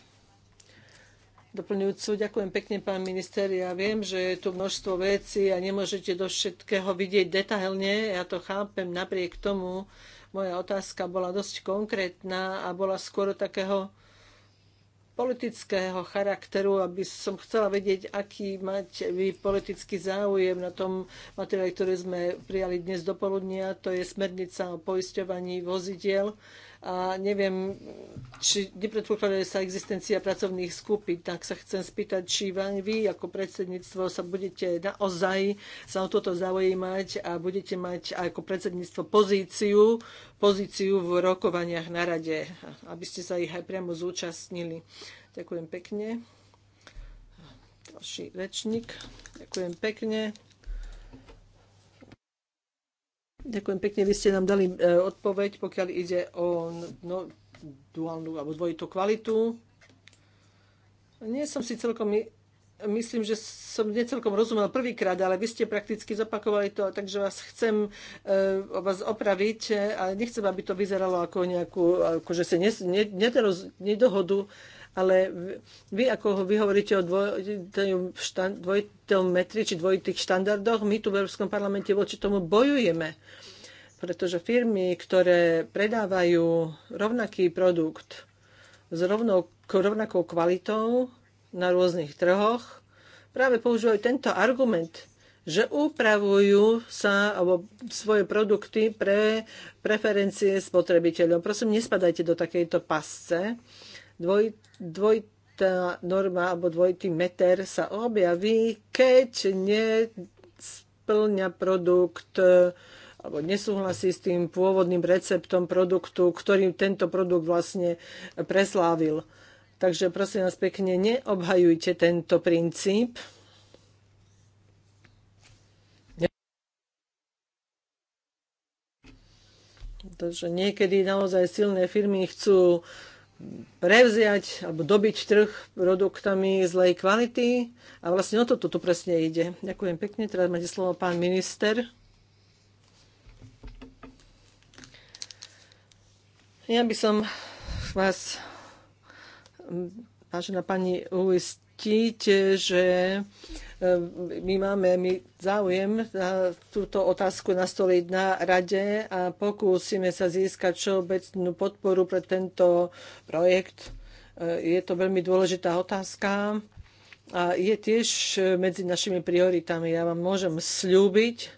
doplňujúcu. Ďakujem pekne, pán minister. Ja viem, že je tu množstvo vecí a nemôžete do všetkého vidieť detailne. Ja to chápem. Napriek tomu moja otázka bola dosť konkrétna a bola skôr takého politického charakteru, aby som chcela vedieť, aký mať vy politický záujem na tom materiáli, ktorý sme prijali dnes do poludnia, to je smernica o poisťovaní vozidiel a neviem, či nepredpokladá sa existencia pracovných skupín, tak sa chcem spýtať, či vám vy ako predsedníctvo sa budete naozaj sa o toto zaujímať a budete mať ako predsedníctvo pozíciu, pozíciu v rokovaniach na rade, aby ste sa ich aj priamo zúčastnili. Ďakujem pekne. Ďalší rečník. Ďakujem pekne. Ďakujem pekne, vy ste nám dali e, odpoveď, pokiaľ ide o no, duálnu alebo dvojitú kvalitu. Nie som si celkom, myslím, že som necelkom rozumel prvýkrát, ale vy ste prakticky zopakovali to, takže vás chcem e, vás opraviť, e, ale nechcem, aby to vyzeralo ako nejakú, akože si ne, ne, nedohodu. Ne ale vy, ako vy hovoríte o dvojitom metri či dvojitých štandardoch, my tu v Európskom parlamente voči tomu bojujeme. Pretože firmy, ktoré predávajú rovnaký produkt s rovnou, rovnakou kvalitou na rôznych trhoch, práve používajú tento argument, že upravujú sa alebo svoje produkty pre preferencie spotrebiteľov. Prosím, nespadajte do takejto pasce dvoj, dvoj, tá norma alebo dvojitý meter sa objaví, keď nesplňa produkt e, alebo nesúhlasí s tým pôvodným receptom produktu, ktorým tento produkt vlastne preslávil. Takže prosím vás pekne, neobhajujte tento princíp. Takže niekedy naozaj silné firmy chcú prevziať alebo dobiť trh produktami zlej kvality. A vlastne o to tu presne ide. Ďakujem pekne. Teraz máte slovo pán minister. Ja by som vás, vážená pani, uistiť, že Ehm, my máme my záujem na túto otázku nastoliť na rade a pokúsime sa získať všeobecnú podporu pre tento projekt. Ehm, je to veľmi dôležitá otázka a je tiež medzi našimi prioritami. Ja vám môžem slúbiť,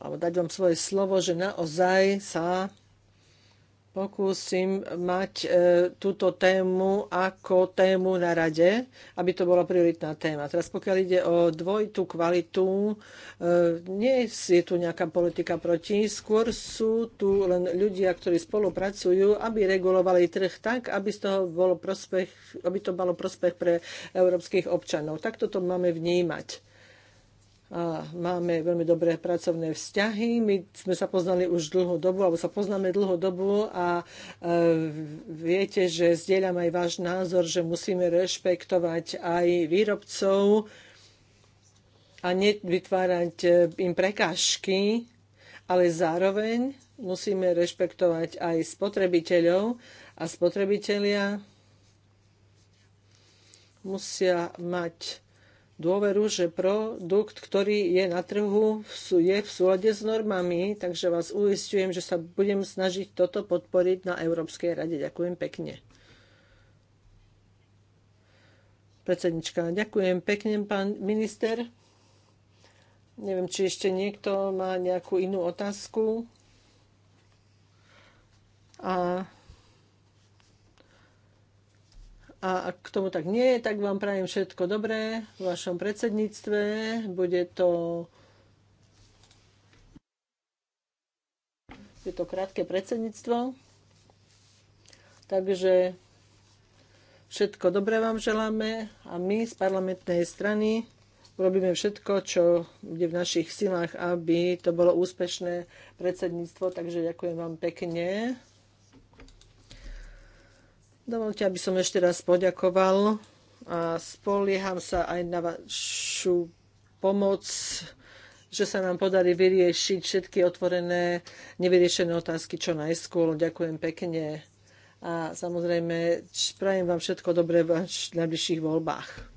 alebo dať vám svoje slovo, že naozaj sa pokúsim mať e, túto tému ako tému na rade, aby to bola prioritná téma. Teraz pokiaľ ide o dvojitú kvalitu, e, nie je tu nejaká politika proti, skôr sú tu len ľudia, ktorí spolupracujú, aby regulovali trh tak, aby, z toho bolo prospech, aby to malo prospech pre európskych občanov. Takto to máme vnímať a máme veľmi dobré pracovné vzťahy. My sme sa poznali už dlhú dobu, alebo sa poznáme dlhú dobu a e, viete, že zdieľam aj váš názor, že musíme rešpektovať aj výrobcov a nevytvárať e, im prekážky, ale zároveň musíme rešpektovať aj spotrebiteľov a spotrebitelia musia mať dôveru, že produkt, ktorý je na trhu, je v súlade s normami, takže vás uistujem, že sa budem snažiť toto podporiť na Európskej rade. Ďakujem pekne. Predsednička, ďakujem pekne, pán minister. Neviem, či ešte niekto má nejakú inú otázku. A a ak k tomu tak nie je, tak vám prajem všetko dobré v vašom predsedníctve. Bude to je to krátke predsedníctvo. Takže všetko dobré vám želáme a my z parlamentnej strany robíme všetko, čo bude v našich silách, aby to bolo úspešné predsedníctvo. Takže ďakujem vám pekne. Dovolte, aby som ešte raz poďakoval a spolieham sa aj na vašu pomoc, že sa nám podarí vyriešiť všetky otvorené, nevyriešené otázky čo najskôr. Ďakujem pekne a samozrejme prajem vám všetko dobré v najbližších voľbách.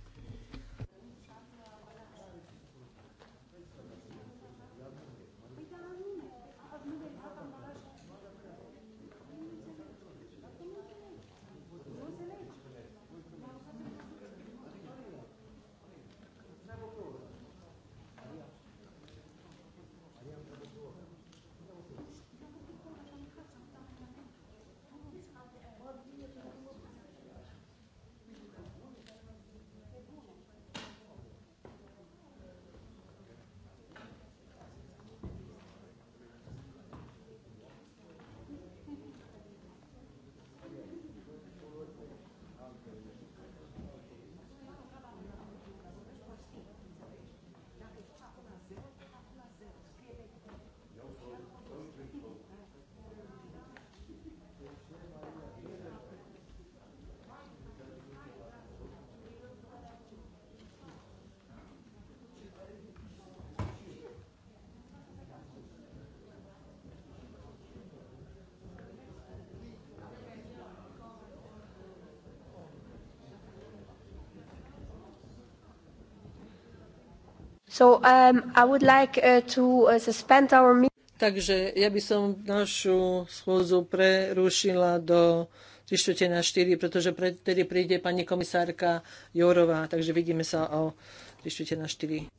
Takže ja by som našu schôdzu prerušila do trištvrte na štyri, pretože pre, príde pani komisárka Jourová. Takže vidíme sa o trištvrte na štyri.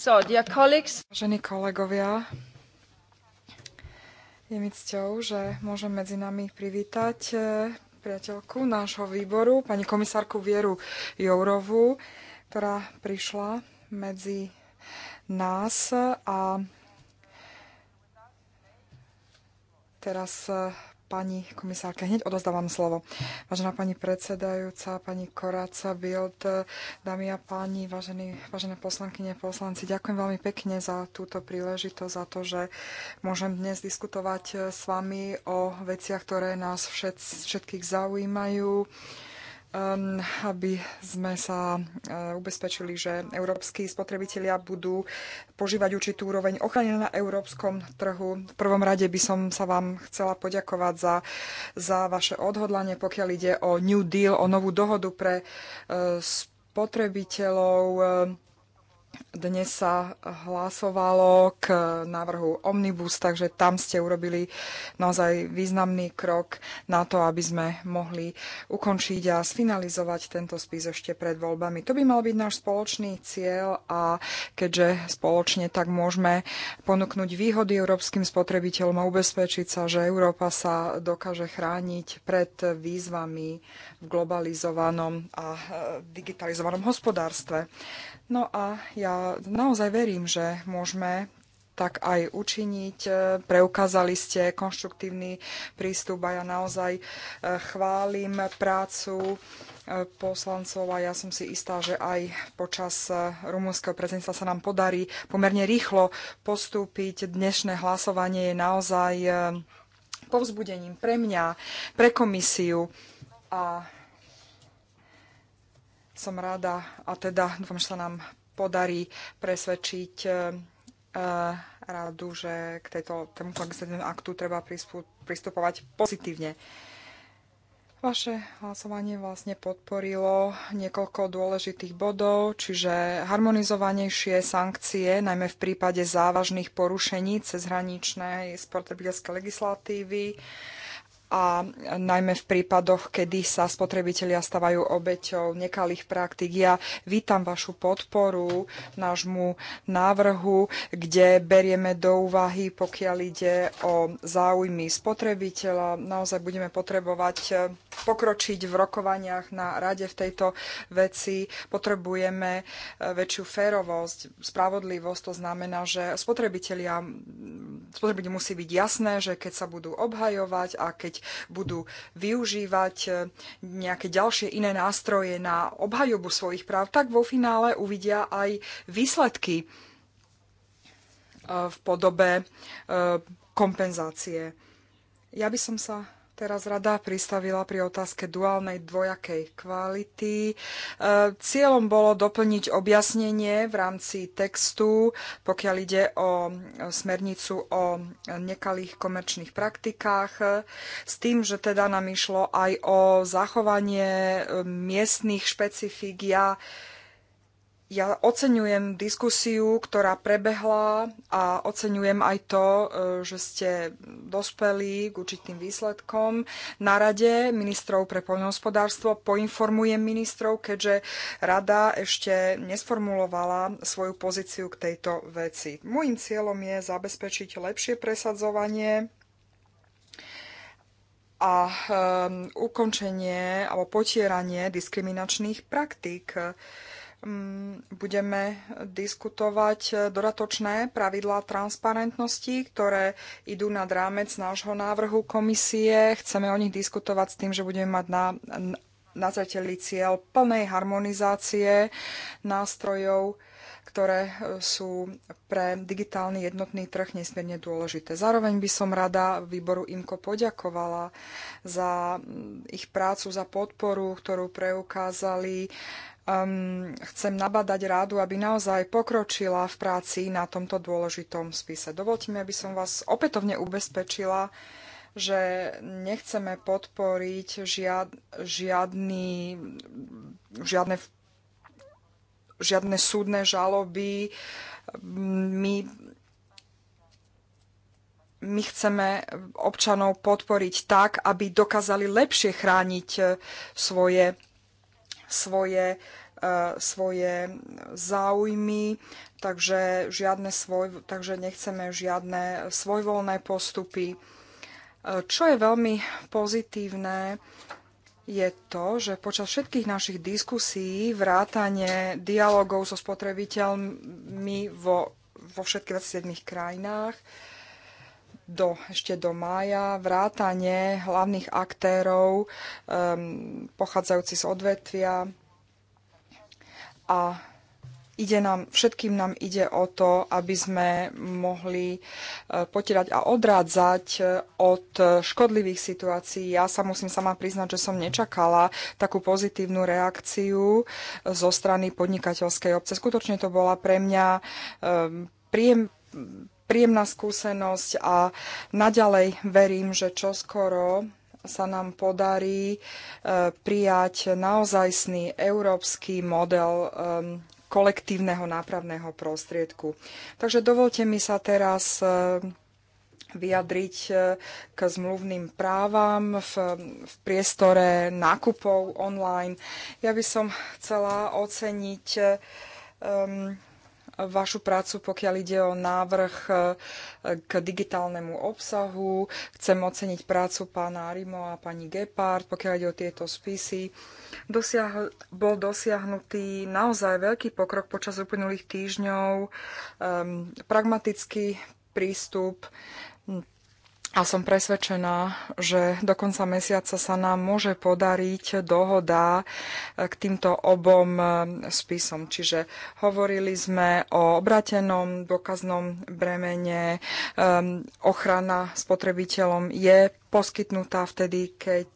So, dear colleagues... Vážení kolegovia, je mi cťou, že môžem medzi nami privítať eh, priateľku nášho výboru, pani komisárku Vieru Jourovú, ktorá prišla medzi nás a teraz eh, pani komisárke. Hneď odozdávam slovo. Vážená pani predsedajúca, pani Koráca, Bild, dámy a páni, vážení, vážené poslankyne, poslanci, ďakujem veľmi pekne za túto príležitosť, za to, že môžem dnes diskutovať s vami o veciach, ktoré nás všet, všetkých zaujímajú. Ehm, aby sme sa e, ubezpečili, že európsky spotrebitelia budú požívať určitú úroveň ochrany na európskom trhu. V prvom rade by som sa vám chcela poďakovať za, za vaše odhodlanie, pokiaľ ide o New Deal, o novú dohodu pre e, spotrebiteľov. Ehm, dnes sa hlasovalo k návrhu Omnibus, takže tam ste urobili naozaj významný krok na to, aby sme mohli ukončiť a sfinalizovať tento spis ešte pred voľbami. To by mal byť náš spoločný cieľ a keďže spoločne tak môžeme ponúknuť výhody európskym spotrebiteľom a ubezpečiť sa, že Európa sa dokáže chrániť pred výzvami v globalizovanom a digitalizovanom hospodárstve. No a ja naozaj verím, že môžeme tak aj učiniť. E, preukázali ste konštruktívny prístup a ja naozaj e, chválim prácu e, poslancov a ja som si istá, že aj počas rumúnskeho predsedníctva sa nám podarí pomerne rýchlo postúpiť. Dnešné hlasovanie je naozaj povzbudením pre mňa, pre komisiu a som rada a teda dúfam, že sa nám podarí presvedčiť e, e, radu, že k tejto, tomu legislatívnemu aktu treba pristupovať pozitívne. Vaše hlasovanie vlastne podporilo niekoľko dôležitých bodov, čiže harmonizovanejšie sankcie, najmä v prípade závažných porušení cezhraničnej spotrebiteľskej legislatívy, a najmä v prípadoch, kedy sa spotrebitelia stavajú obeťou nekalých praktik. Ja vítam vašu podporu nášmu návrhu, kde berieme do úvahy, pokiaľ ide o záujmy spotrebiteľa. Naozaj budeme potrebovať e, pokročiť v rokovaniach na rade v tejto veci. Potrebujeme e, väčšiu férovosť, spravodlivosť. To znamená, že spotrebiteľia, spotrebiteľ musí byť jasné, že keď sa budú obhajovať a keď budú využívať e, nejaké ďalšie iné nástroje na obhajobu svojich práv, tak vo finále uvidia aj výsledky e, v podobe e, kompenzácie. Ja by som sa teraz rada pristavila pri otázke duálnej dvojakej kvality. E, cieľom bolo doplniť objasnenie v rámci textu, pokiaľ ide o smernicu o nekalých komerčných praktikách, s tým, že teda nám išlo aj o zachovanie e, miestnych špecifík. Ja ja oceňujem diskusiu, ktorá prebehla a oceňujem aj to, e, že ste dospeli k určitým výsledkom. Na rade ministrov pre poľnohospodárstvo poinformujem ministrov, keďže rada ešte nesformulovala svoju pozíciu k tejto veci. Mojím cieľom je zabezpečiť lepšie presadzovanie a um, ukončenie alebo potieranie diskriminačných praktík. Mm, budeme diskutovať e, doratočné pravidlá transparentnosti, ktoré idú nad rámec nášho návrhu komisie. Chceme o nich diskutovať s tým, že budeme mať na, na zreteli cieľ plnej harmonizácie nástrojov, ktoré e, sú pre digitálny jednotný trh nesmierne dôležité. Zároveň by som rada výboru IMKO poďakovala za ich prácu, za podporu, ktorú preukázali um, chcem nabadať rádu, aby naozaj pokročila v práci na tomto dôležitom spise. Dovolte mi, aby som vás opätovne ubezpečila, že nechceme podporiť žiad, žiadny, žiadne, žiadne súdne žaloby. My, my chceme občanov podporiť tak, aby dokázali lepšie chrániť eh, svoje svoje svoje záujmy, takže, žiadne svoj, takže nechceme žiadne svojvoľné postupy. E, čo je veľmi pozitívne, je to, že počas všetkých našich diskusí, vrátanie dialogov so spotrebiteľmi vo, vo všetkých 27 krajinách, do, ešte do mája, vrátanie hlavných aktérov um, pochádzajúci z odvetvia, a ide nám, všetkým nám ide o to, aby sme mohli e, potierať a odrádzať e, od škodlivých situácií. Ja sa musím sama priznať, že som nečakala takú pozitívnu reakciu e, zo strany podnikateľskej obce. Skutočne to bola pre mňa príjem, príjemná skúsenosť a naďalej verím, že čoskoro sa nám podarí e, prijať naozajstný európsky model e, kolektívneho nápravného prostriedku. Takže dovolte mi sa teraz e, vyjadriť k zmluvným právam v, v priestore nákupov online. Ja by som chcela oceniť um, vašu prácu, pokiaľ ide o návrh e, k digitálnemu obsahu. Chcem oceniť prácu pána Arimo a pani Gepard, pokiaľ ide o tieto spisy. Dosiah- bol dosiahnutý naozaj veľký pokrok počas uplynulých týždňov, um, pragmatický prístup, a som presvedčená, že do konca mesiaca sa nám môže podariť dohoda eh, k týmto obom eh, spisom. Čiže hovorili sme o obratenom dôkaznom bremene. Eh, ochrana spotrebiteľom je poskytnutá vtedy, keď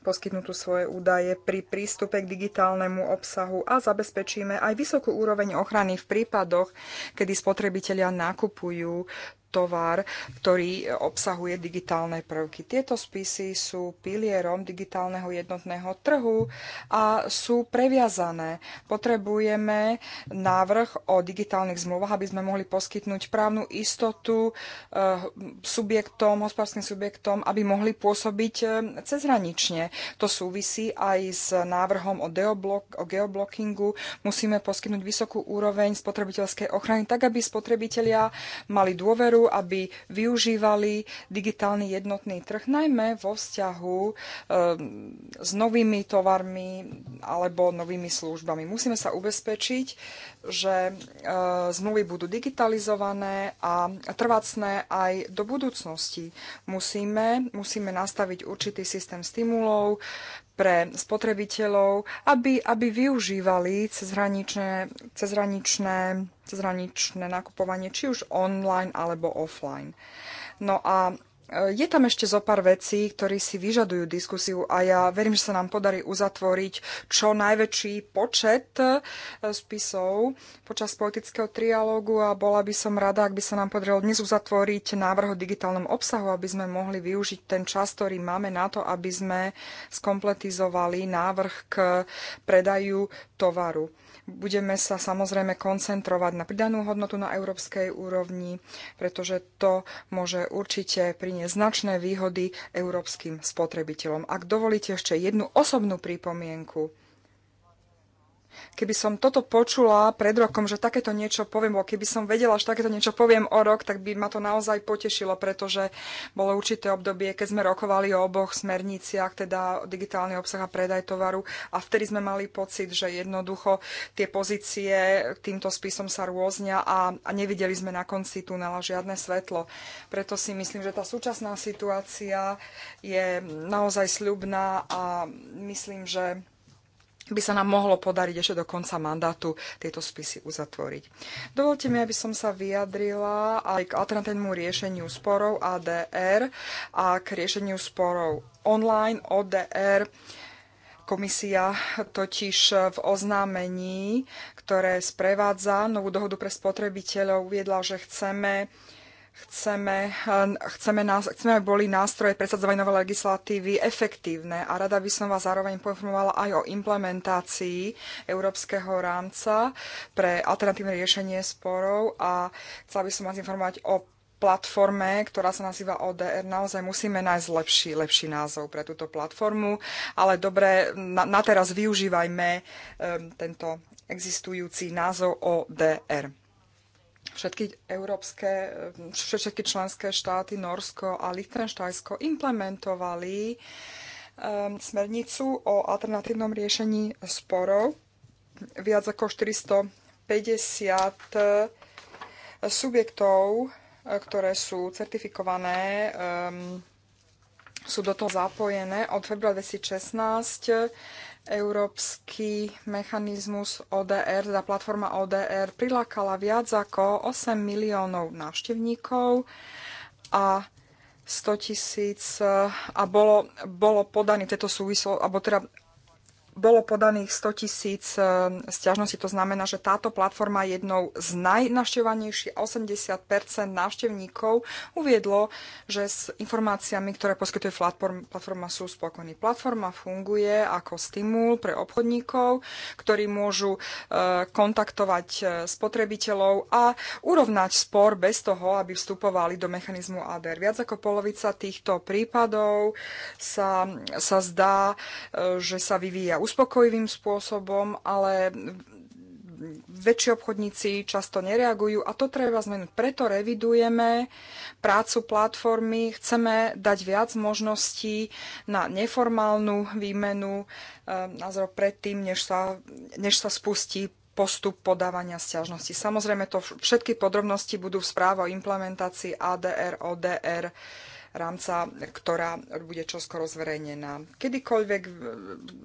poskytnutú svoje údaje pri prístupe k digitálnemu obsahu a zabezpečíme aj vysokú úroveň ochrany v prípadoch, kedy spotrebitelia nakupujú tovar, ktorý obsahuje digitálne prvky. Tieto spisy sú pilierom digitálneho jednotného trhu a sú previazané. Potrebujeme návrh o digitálnych zmluvách, aby sme mohli poskytnúť právnu istotu eh, subjektom, hospodárskym subjektom, aby mohli pôsobiť eh, cezhranične. To súvisí aj s návrhom o, deoblok, o geoblockingu. Musíme poskytnúť vysokú úroveň spotrebiteľskej ochrany, tak aby spotrebitelia mali dôveru podporu, aby využívali digitálny jednotný trh, najmä vo vzťahu eh, s novými tovarmi alebo novými službami. Musíme sa ubezpečiť, že eh, zmluvy budú digitalizované a trvacné aj do budúcnosti. Musíme, musíme nastaviť určitý systém stimulov, pre spotrebiteľov, aby, aby využívali cezhraničné, cezhraničné, cezhraničné nakupovanie, či už online alebo offline. No a je tam ešte zo pár vecí, ktorí si vyžadujú diskusiu a ja verím, že sa nám podarí uzatvoriť čo najväčší počet e, spisov počas politického trialógu a bola by som rada, ak by sa nám podarilo dnes uzatvoriť návrh o digitálnom obsahu, aby sme mohli využiť ten čas, ktorý máme na to, aby sme skompletizovali návrh k predaju tovaru. Budeme sa samozrejme koncentrovať na pridanú hodnotu na európskej úrovni, pretože to môže určite priniesť značné výhody európskym spotrebiteľom. Ak dovolíte ešte jednu osobnú pripomienku, Keby som toto počula pred rokom, že takéto niečo poviem, bo keby som vedela, že takéto niečo poviem o rok, tak by ma to naozaj potešilo, pretože bolo určité obdobie, keď sme rokovali o oboch smerniciach, teda digitálny obsah a predaj tovaru a vtedy sme mali pocit, že jednoducho tie pozície týmto spisom sa rôznia a, a nevideli sme na konci tunela žiadne svetlo. Preto si myslím, že tá súčasná situácia je naozaj sľubná a myslím, že by sa nám mohlo podariť ešte do konca mandátu tieto spisy uzatvoriť. Dovolte mi, aby som sa vyjadrila aj k alternatívnemu riešeniu sporov ADR a k riešeniu sporov online ODR. Komisia totiž v oznámení, ktoré sprevádza novú dohodu pre spotrebiteľov, uviedla, že chceme chceme, eh, chceme, nás, chceme, aby boli nástroje presadzovania novej legislatívy efektívne a rada by som vás zároveň poinformovala aj o implementácii európskeho rámca pre alternatívne riešenie sporov a chcela by som vás informovať o platforme, ktorá sa nazýva ODR. Naozaj musíme nájsť lepší, lepší názov pre túto platformu, ale dobre, na, na teraz využívajme um, tento existujúci názov ODR všetky európske, všetky členské štáty, Norsko a Liechtensteinsko implementovali um, smernicu o alternatívnom riešení sporov. Viac ako 450 e, subjektov, e, ktoré sú certifikované, um, sú do toho zapojené. Od februára 2016 Európsky mechanizmus ODR, teda platforma ODR, prilákala viac ako 8 miliónov návštevníkov a 100 tisíc a bolo, bolo podaný v súvislo, súvislosti, alebo teda bolo podaných 100 tisíc e, stiažností, to znamená, že táto platforma je jednou z najnavštevanejších 80 návštevníkov uviedlo, že s informáciami, ktoré poskytuje platform, platforma, sú spokojní. Platforma funguje ako stimul pre obchodníkov, ktorí môžu e, kontaktovať e, spotrebiteľov a urovnať spor bez toho, aby vstupovali do mechanizmu ADR. Viac ako polovica týchto prípadov sa, sa zdá, že sa vyvíja uspokojivým spôsobom, ale väčší obchodníci často nereagujú a to treba zmeniť. Preto revidujeme prácu platformy, chceme dať viac možností na neformálnu výmenu eh, názor predtým, než sa, než sa spustí postup podávania stiažnosti. Samozrejme, to všetky podrobnosti budú v správe o implementácii ADR, ODR, rámca, ktorá bude čoskoro zverejnená. Kedykoľvek e,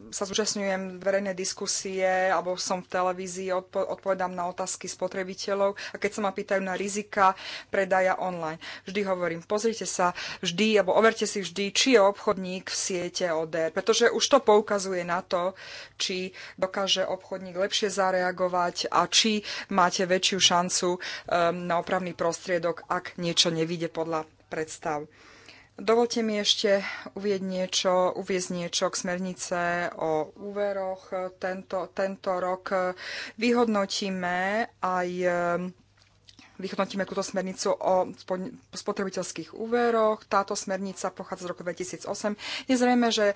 sa zúčastňujem verejné diskusie alebo som v televízii, odpo- odpovedám na otázky spotrebiteľov a keď sa ma pýtajú na rizika predaja online, vždy hovorím, pozrite sa vždy, alebo overte si vždy, či je obchodník v siete ODR, pretože už to poukazuje na to, či dokáže obchodník lepšie zareagovať a či máte väčšiu šancu um, na opravný prostriedok, ak niečo nevíde podľa predstav. Dovolte mi ešte uvieť niečo, uviezť niečo k smernice o úveroch. Tento, tento rok vyhodnotíme aj eh, vyhodnotíme túto smernicu o spotrebiteľských úveroch. Táto smernica pochádza z roku 2008. Je zrejme, že,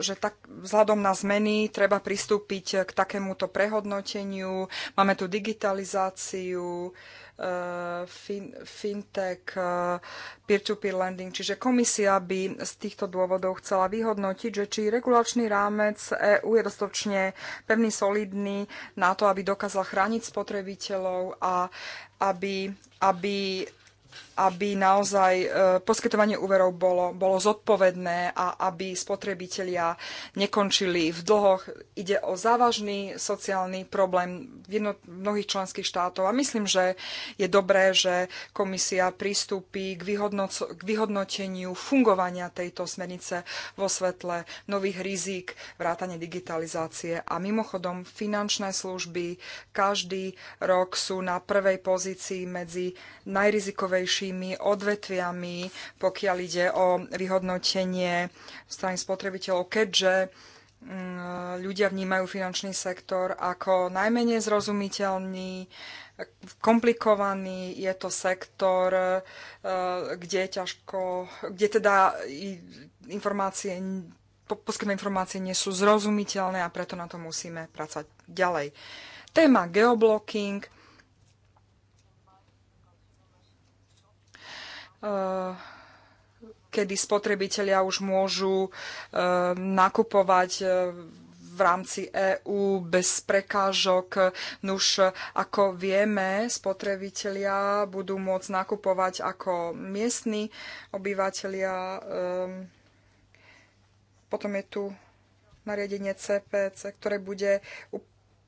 že tak, vzhľadom na zmeny treba pristúpiť k takémuto prehodnoteniu. Máme tu digitalizáciu, Eh, fin, fintech, eh, peer-to-peer -peer lending. Čiže komisia by z týchto dôvodov chcela vyhodnotiť, že či regulačný rámec EU je dostatočne pevný, solidný na to, aby dokázal chrániť spotrebiteľov a aby, aby aby naozaj e, poskytovanie úverov bolo, bolo zodpovedné a aby spotrebitelia nekončili v dlhoch. Ide o závažný sociálny problém v jedno, mnohých členských štátov a myslím, že je dobré, že komisia pristúpi k, vyhodnoc- k vyhodnoteniu fungovania tejto smernice vo svetle nových rizík, vrátane digitalizácie a mimochodom finančné služby každý rok sú na prvej pozícii medzi najrizikovejšími jednotlivými odvetviami, pokiaľ ide o vyhodnotenie strany spotrebiteľov, keďže mm, ľudia vnímajú finančný sektor ako najmenej zrozumiteľný, komplikovaný, je to sektor, e, kde je ťažko, kde teda informácie, poskytné informácie nie sú zrozumiteľné a preto na to musíme pracovať ďalej. Téma geoblocking – Eh, kedy spotrebitelia už môžu eh, nakupovať eh, v rámci EÚ bez prekážok. Nuž, ako vieme, spotrebitelia budú môcť nakupovať ako miestni obyvateľia. Potom je tu nariadenie CPC, ktoré bude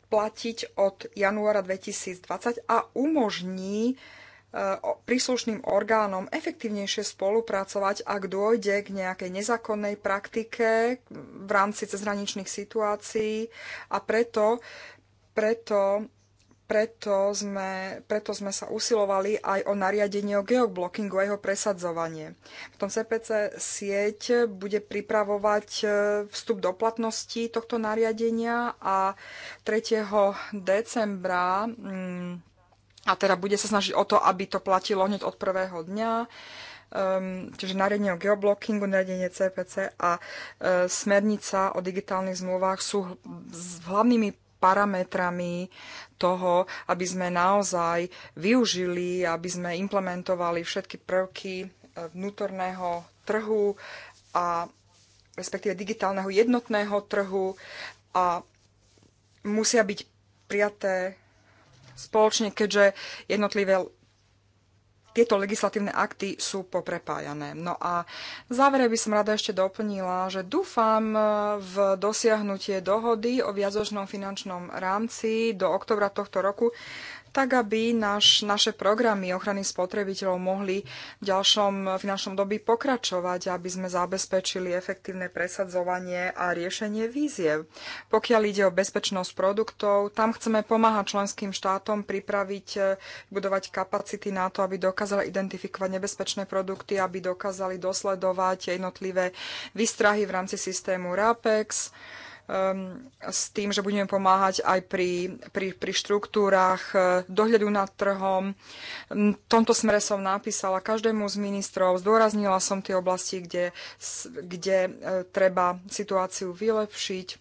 platiť od januára 2020 a umožní uh, príslušným orgánom efektívnejšie spolupracovať, ak dôjde k nejakej nezákonnej praktike v rámci cezhraničných situácií a preto, preto preto sme, preto sme sa usilovali aj o nariadenie o geoblockingu a jeho presadzovanie. V tom CPC sieť bude pripravovať e, vstup do platnosti tohto nariadenia a 3. decembra hmm, a teda bude sa snažiť o to, aby to platilo hneď od prvého dňa. Um, čiže nariadenie o geoblockingu, nariadenie CPC a uh, smernica o digitálnych zmluvách sú s hlavnými parametrami toho, aby sme naozaj využili, aby sme implementovali všetky prvky e, vnútorného trhu a respektíve digitálneho jednotného trhu a musia byť prijaté spoločne, keďže jednotlivé tieto legislatívne akty sú poprepájané. No a v závere by som rada ešte doplnila, že dúfam e, v dosiahnutie dohody o viazočnom finančnom rámci do oktobra tohto roku, tak aby naš, naše programy ochrany spotrebiteľov mohli v ďalšom finančnom dobi pokračovať, aby sme zabezpečili efektívne presadzovanie a riešenie víziev. Pokiaľ ide o bezpečnosť produktov, tam chceme pomáhať členským štátom pripraviť, e, budovať kapacity na to, aby dokázali identifikovať nebezpečné produkty, aby dokázali dosledovať jednotlivé výstrahy v rámci systému RAPEX. Um, s tým, že budeme pomáhať aj pri, pri, pri štruktúrach eh, dohľadu nad trhom. Mm, v tomto smere som napísala každému z ministrov, zdôraznila som tie oblasti, kde, kde eh, treba situáciu vylepšiť. Eh,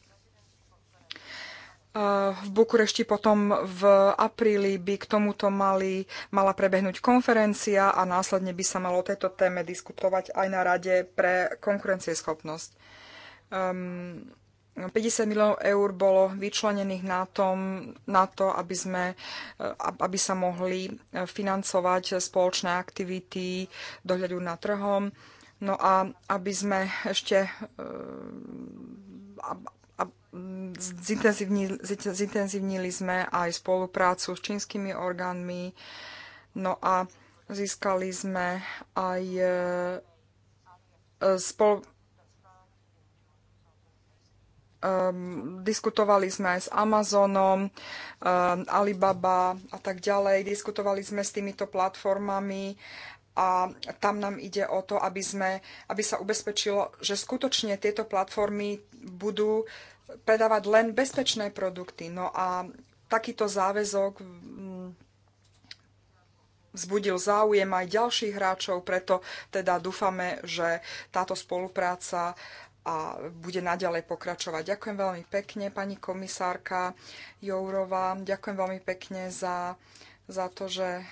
v Bukurešti potom v apríli by k tomuto mali, mala prebehnúť konferencia a následne by sa malo o tejto téme diskutovať aj na Rade pre konkurencieschopnosť. Um, 50 miliónov eur bolo vyčlenených na, tom, na to, aby, sme, e, aby sa mohli e, financovať spoločné aktivity dohľadu na trhom. No a aby sme ešte e, zintenzívnili sme aj spoluprácu s čínskymi orgánmi. No a získali sme aj spolu, Um, diskutovali sme aj s Amazonom, um, Alibaba a tak ďalej. Diskutovali sme s týmito platformami a tam nám ide o to, aby, sme, aby sa ubezpečilo, že skutočne tieto platformy budú predávať len bezpečné produkty. No a takýto záväzok mm, vzbudil záujem aj ďalších hráčov, preto teda dúfame, že táto spolupráca a bude naďalej pokračovať. Ďakujem veľmi pekne, pani komisárka Jourová. Ďakujem veľmi pekne za, za to, že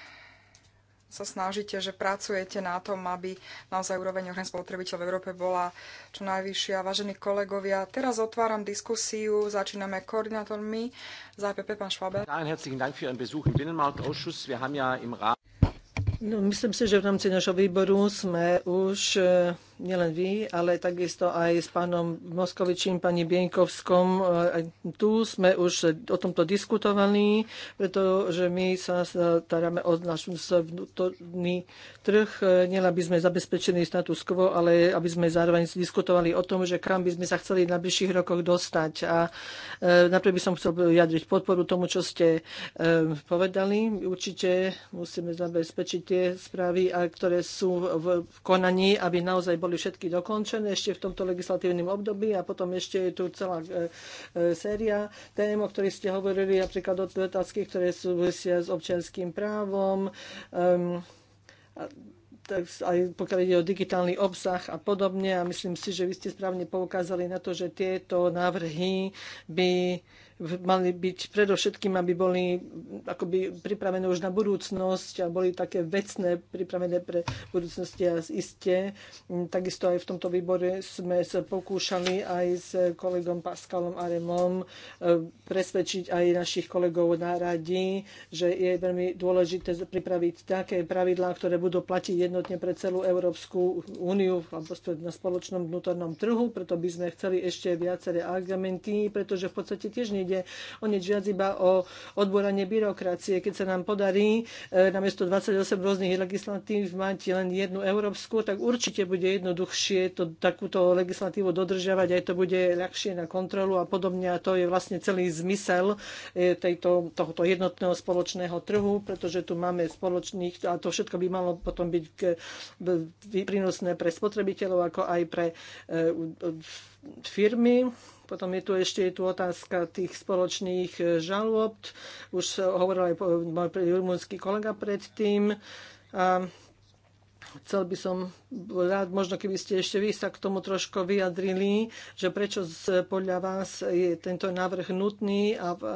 sa snažíte, že pracujete na tom, aby naozaj úroveň ochrany spotrebiteľ v Európe bola čo najvyššia. Vážení kolegovia, teraz otváram diskusiu, začíname koordinátormi za EPP, pán Schwaber. No, myslím si, že v rámci našho výboru sme už eh, nielen vy, ale takisto aj s pánom Moskovičím, pani Bienkovskom. E, tu sme už o tomto diskutovali, pretože my sa staráme o náš vnútorný trh. E, nielen by sme zabezpečili status quo, ale aby sme zároveň diskutovali o tom, že kam by sme sa chceli na bližších rokoch dostať. A e, napríklad by som chcel vyjadriť podporu tomu, čo ste povedali. Určite musíme zabezpečiť tie správy, ktoré sú v konaní, aby naozaj boli boli všetky dokončené ešte v tomto legislatívnom období a potom ešte je tu celá e, e, séria tém, o ktorých ste hovorili, napríklad o otázky, ktoré súvisia s občianským právom. Um, a, tak aj pokiaľ ide o digitálny obsah a podobne. A myslím si, že vy ste správne poukázali na to, že tieto návrhy by mali byť predovšetkým, aby boli akoby pripravené už na budúcnosť a boli také vecné, pripravené pre budúcnosti a isté. Takisto aj v tomto výbore sme sa pokúšali aj s kolegom Pascalom Aremom e, presvedčiť aj našich kolegov na radi, že je veľmi dôležité pripraviť také pravidlá, ktoré budú platiť jednotne pre celú Európsku úniu alebo na spoločnom vnútornom trhu, preto by sme chceli ešte viaceré argumenty, pretože v podstate tiež nie nejde o nič viac iba o odboranie byrokracie. Keď sa nám podarí e, namiesto 28 rôznych legislatív mať len jednu európsku, tak určite bude jednoduchšie to, takúto legislatívu dodržiavať, aj to bude ľahšie na kontrolu a podobne. A to je vlastne celý zmysel e, tejto, tohoto jednotného spoločného trhu, pretože tu máme spoločných a to všetko by malo potom byť k, prínosné pre spotrebiteľov, ako aj pre e, firmy. Potom je tu ešte je tu otázka tých spoločných e, žalob, Už hovoril aj môj rumúnsky kolega predtým. A chcel by som rád, možno keby ste ešte vy sa k tomu trošku vyjadrili, že prečo z, podľa vás je tento návrh nutný a, a e,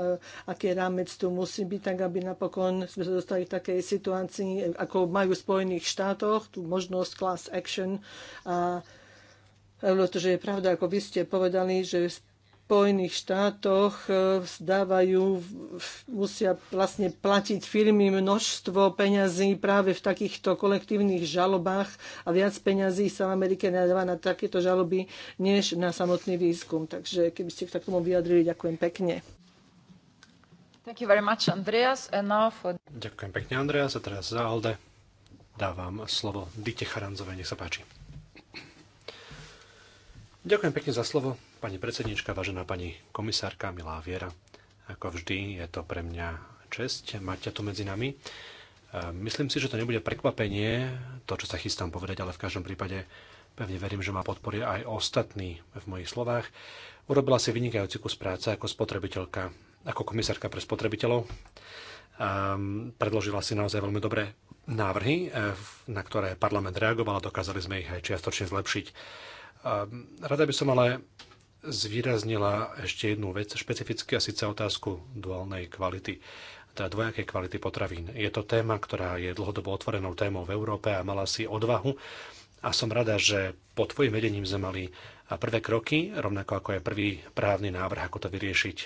aký rámec tu musí byť, tak aby napokon sme sa dostali k takej situácii, ako majú v Spojených štátoch, tú možnosť class action a pretože je pravda, ako vy ste povedali, že v Spojených štátoch e, zdávajú, musia vlastne platiť firmy množstvo peňazí práve v takýchto kolektívnych žalobách a viac peňazí sa v Amerike nadáva na takéto žaloby, než na samotný výskum. Takže keby ste k takomu vyjadrili, ďakujem pekne. Thank you very much, Andreas. And now for... Ďakujem pekne, Andreas. A teraz za Alde dávam slovo Dite Charanzovej. Nech sa páči. Ďakujem pekne za slovo, pani predsednička, vážená pani komisárka, milá Viera. Ako vždy je to pre mňa čest mať ťa tu medzi nami. E, myslím si, že to nebude prekvapenie, to, čo sa chystám povedať, ale v každom prípade pevne verím, že ma podporia aj ostatní v mojich slovách. Urobila si vynikajúci kus práce ako spotrebiteľka, ako komisárka pre spotrebiteľov. E, predložila si naozaj veľmi dobré návrhy, e, na ktoré parlament reagoval a dokázali sme ich aj čiastočne zlepšiť. Rada by som ale zvýraznila ešte jednu vec, špecificky a síce otázku duálnej kvality teda dvojakej kvality potravín. Je to téma, ktorá je dlhodobo otvorenou témou v Európe a mala si odvahu a som rada, že pod tvojim vedením sme mali prvé kroky, rovnako ako je prvý právny návrh, ako to vyriešiť.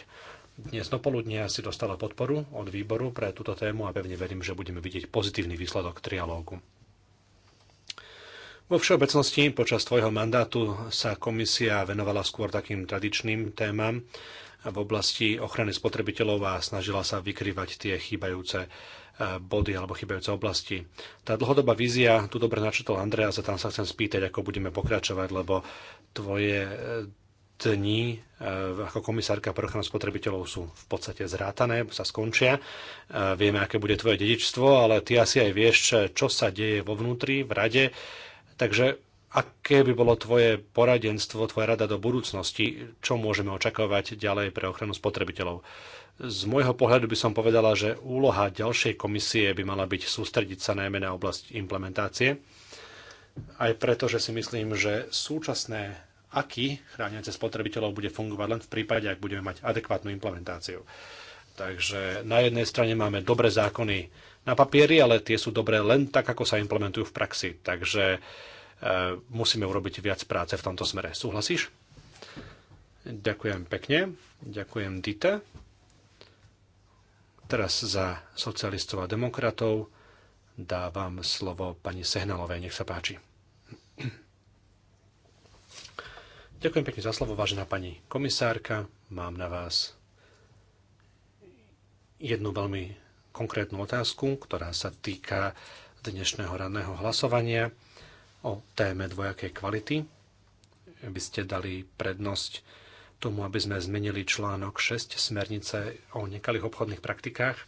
Dnes dopoludnia si dostala podporu od výboru pre túto tému a pevne verím, že budeme vidieť pozitívny výsledok trialógu. Vo všeobecnosti počas tvojho mandátu sa komisia venovala skôr takým tradičným témam v oblasti ochrany spotrebiteľov a snažila sa vykrývať tie chýbajúce e, body alebo chybajúce oblasti. Tá dlhodobá vízia, tu dobre načetol Andrea, a tam sa chcem spýtať, ako budeme pokračovať, lebo tvoje e, dni e, ako komisárka pre ochranu spotrebiteľov sú v podstate zrátané, sa skončia. Vieme, aké bude tvoje dedičstvo, ale ty asi aj vieš, čo sa deje vo vnútri, v rade, Takže aké by bolo tvoje poradenstvo, tvoja rada do budúcnosti, čo môžeme očakávať ďalej pre ochranu spotrebiteľov? Z môjho pohľadu by som povedala, že úloha ďalšej komisie by mala byť sústrediť sa najmä na oblasť implementácie, aj preto, že si myslím, že súčasné aký chrániace spotrebiteľov bude fungovať len v prípade, ak budeme mať adekvátnu implementáciu. Takže na jednej strane máme dobré zákony, na papieri, ale tie sú dobré len tak, ako sa implementujú v praxi. Takže e, musíme urobiť viac práce v tomto smere. Súhlasíš? Ďakujem pekne. Ďakujem Dite. Teraz za socialistov a demokratov dávam slovo pani Sehnalovej. Nech sa páči. Ďakujem pekne za slovo, vážená pani komisárka. Mám na vás jednu veľmi konkrétnu otázku, ktorá sa týka dnešného raného hlasovania o téme dvojakej kvality. By ste dali prednosť tomu, aby sme zmenili článok 6 smernice o nekalých obchodných praktikách,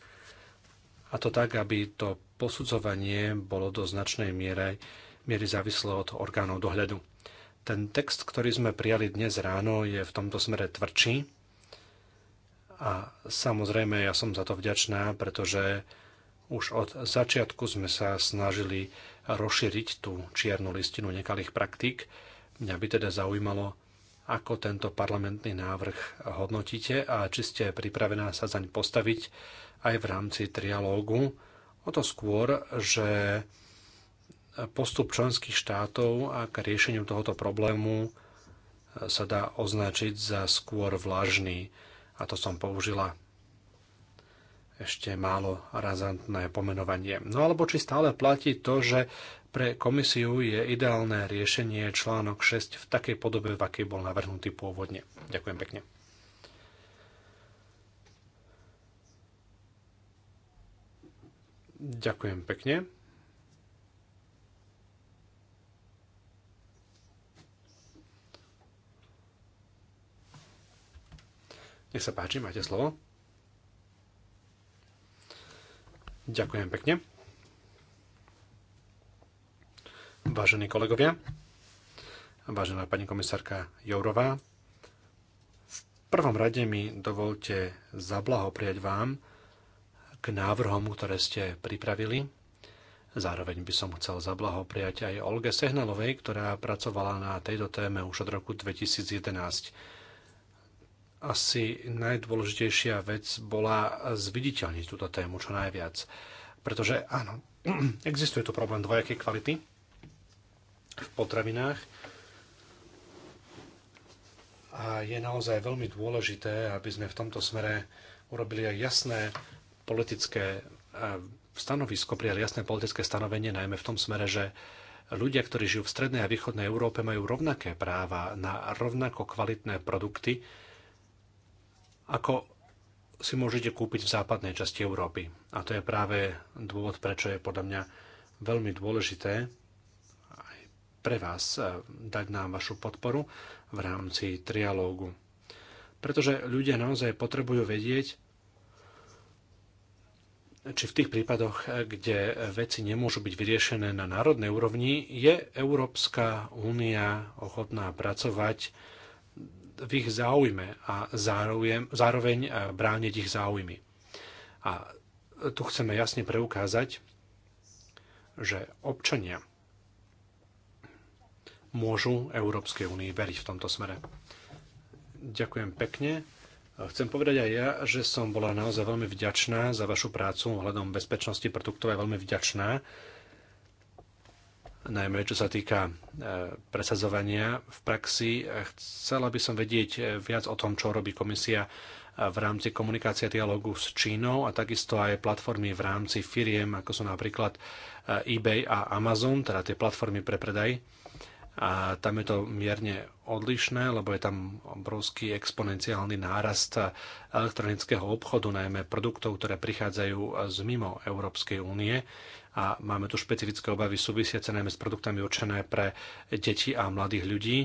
a to tak, aby to posudzovanie bolo do značnej miere, miery závislo od orgánov dohľadu. Ten text, ktorý sme prijali dnes ráno, je v tomto smere tvrdší, a samozrejme, ja som za to vďačná, pretože už od začiatku sme sa snažili rozšíriť tú čiernu listinu nekalých praktík. Mňa by teda zaujímalo, ako tento parlamentný návrh hodnotíte a či ste pripravená sa zaň postaviť aj v rámci trialógu. O to skôr, že postup členských štátov a k riešeniu tohoto problému sa dá označiť za skôr vlažný a to som použila ešte málo razantné pomenovanie. No alebo či stále platí to, že pre komisiu je ideálne riešenie článok 6 v takej podobe, v akej bol navrhnutý pôvodne. Ďakujem pekne. Ďakujem pekne. Nech sa páči, máte slovo. Ďakujem pekne. Vážení kolegovia, vážená pani komisárka Jourová, v prvom rade mi dovolte zablahopriať vám k návrhom, ktoré ste pripravili. Zároveň by som chcel zablahopriať aj Olge Sehnalovej, ktorá pracovala na tejto téme už od roku 2011 asi najdôležitejšia vec bola zviditeľniť túto tému čo najviac. Pretože áno, existuje tu problém dvojakej kvality v potravinách a je naozaj veľmi dôležité, aby sme v tomto smere urobili aj jasné politické eh, stanovisko, prijali jasné politické stanovenie, najmä v tom smere, že ľudia, ktorí žijú v strednej a východnej Európe, majú rovnaké práva na rovnako kvalitné produkty, ako si môžete kúpiť v západnej časti Európy. A to je práve dôvod, prečo je podľa mňa veľmi dôležité aj pre vás eh, dať nám vašu podporu v rámci trialógu. Pretože ľudia naozaj potrebujú vedieť, či v tých prípadoch, eh, kde veci nemôžu byť vyriešené na národnej úrovni, je Európska únia ochotná pracovať v ich záujme a zároveň, zároveň e, brániť ich záujmy. A tu chceme jasne preukázať, že občania môžu Európskej únii veriť v tomto smere. Ďakujem pekne. Chcem povedať aj ja, že som bola naozaj veľmi vďačná za vašu prácu ohľadom bezpečnosti produktov, je veľmi vďačná najmä čo sa týka e, presadzovania v praxi. Chcela by som vedieť e, viac o tom, čo robí komisia e, v rámci komunikácie a dialogu s Čínou a takisto aj platformy v rámci firiem, ako sú napríklad eBay a Amazon, teda tie platformy pre predaj. A tam je to mierne odlišné, lebo je tam obrovský exponenciálny nárast elektronického obchodu, najmä produktov, ktoré prichádzajú z mimo Európskej únie a máme tu špecifické obavy súvisiace najmä s produktami určené pre deti a mladých ľudí.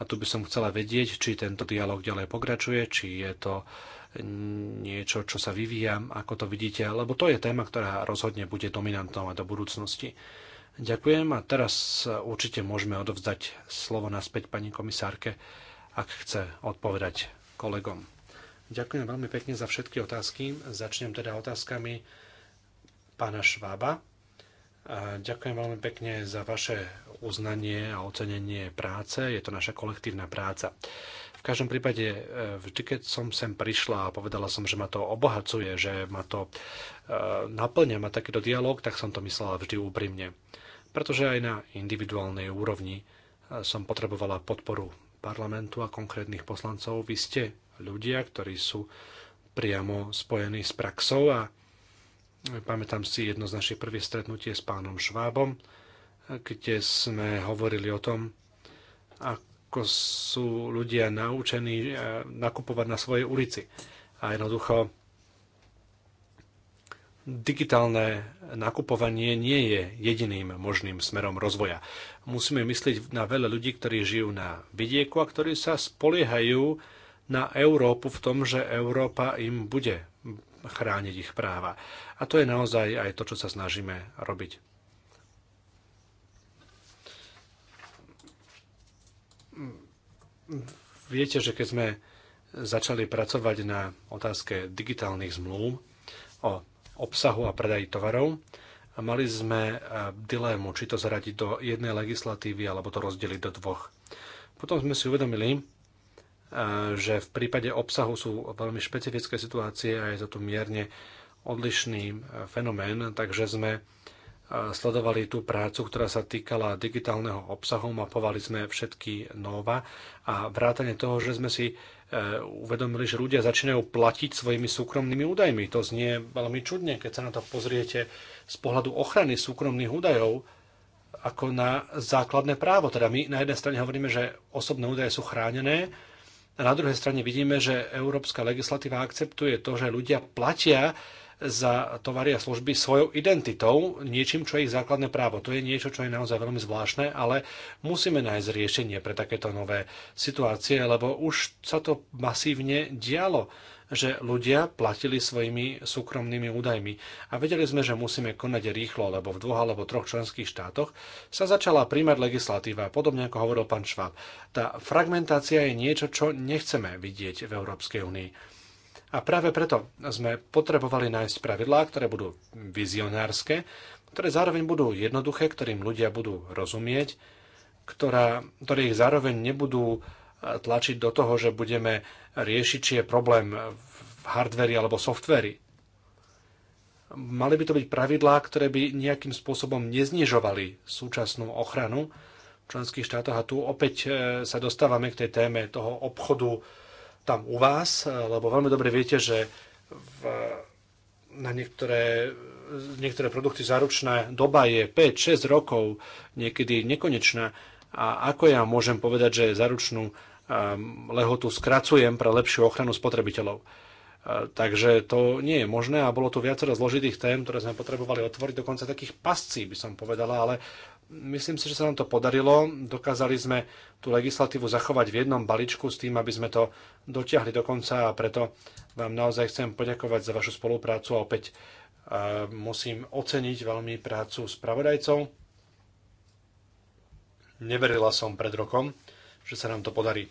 A tu by som chcela vedieť, či tento dialog ďalej pokračuje, či je to niečo, čo sa vyvíja, ako to vidíte, lebo to je téma, ktorá rozhodne bude dominantnou aj do budúcnosti. Ďakujem a teraz určite môžeme odovzdať slovo naspäť pani komisárke, ak chce odpovedať kolegom. Ďakujem veľmi pekne za všetky otázky. Začnem teda otázkami pána Švába. Ďakujem veľmi pekne za vaše uznanie a ocenenie práce. Je to naša kolektívna práca. V každom prípade, e, vždy keď som sem prišla a povedala som, že ma to obohacuje, že ma to e, naplňa, ma takýto dialog, tak som to myslela vždy úprimne. Pretože aj na individuálnej úrovni e, som potrebovala podporu parlamentu a konkrétnych poslancov. Vy ste ľudia, ktorí sú priamo spojení s praxou a Pamätám si jedno z našich prvých stretnutie s pánom Švábom, kde sme hovorili o tom, ako sú ľudia naučení eh, nakupovať na svojej ulici. A jednoducho digitálne nakupovanie nie je jediným možným smerom rozvoja. Musíme myslieť na veľa ľudí, ktorí žijú na vidieku a ktorí sa spoliehajú na Európu v tom, že Európa im bude chrániť ich práva. A to je naozaj aj to, čo sa snažíme robiť. Viete, že keď sme začali pracovať na otázke digitálnych zmluv o obsahu a predaji tovarov, a mali sme eh, dilemu, či to zaradiť do jednej legislatívy alebo to rozdeliť do dvoch. Potom sme si uvedomili, Eh, že v prípade obsahu sú veľmi špecifické situácie a je to tu mierne odlišný eh, fenomén, takže sme eh, sledovali tú prácu, ktorá sa týkala digitálneho obsahu, mapovali sme všetky nova a vrátane toho, že sme si uvedomili, že ľudia začínajú platiť svojimi súkromnými údajmi. To znie veľmi čudne, keď sa na to pozriete z pohľadu ochrany súkromných údajov ako na základné právo. Teda my na jednej strane hovoríme, že osobné údaje sú chránené, na druhej strane vidíme, že európska legislatíva akceptuje to, že ľudia platia za tovary a služby svojou identitou, niečím, čo je ich základné právo. To je niečo, čo je naozaj veľmi zvláštne, ale musíme nájsť riešenie pre takéto nové situácie, lebo už sa to masívne dialo že ľudia platili svojimi súkromnými údajmi a vedeli sme, že musíme konať rýchlo, lebo v dvoch alebo troch členských štátoch sa začala príjmať legislatíva, podobne ako hovoril pán Šváb. Tá fragmentácia je niečo, čo nechceme vidieť v Európskej únii. A práve preto sme potrebovali nájsť pravidlá, ktoré budú vizionárske, ktoré zároveň budú jednoduché, ktorým ľudia budú rozumieť, ktorá, ktoré ich zároveň nebudú eh, tlačiť do toho, že budeme riešiť, či je problém v hardveri alebo softveri. Mali by to byť pravidlá, ktoré by nejakým spôsobom neznižovali súčasnú ochranu v členských štátoch. A tu opäť e, sa dostávame k tej téme toho obchodu tam u vás, e, lebo veľmi dobre viete, že v, na niektoré niektoré produkty záručná doba je 5-6 rokov, niekedy nekonečná. A ako ja môžem povedať, že záručnú Ehm, lehotu skracujem pre lepšiu ochranu spotrebiteľov. Ehm, takže to nie je možné a bolo tu viacero zložitých tém, ktoré sme potrebovali otvoriť, dokonca takých pascí by som povedala, ale myslím si, že sa nám to podarilo. Dokázali sme tú legislatívu zachovať v jednom balíčku s tým, aby sme to dotiahli dokonca a preto vám naozaj chcem poďakovať za vašu spoluprácu a opäť ehm, musím oceniť veľmi prácu spravodajcov. Neverila som pred rokom, že sa nám to podarí.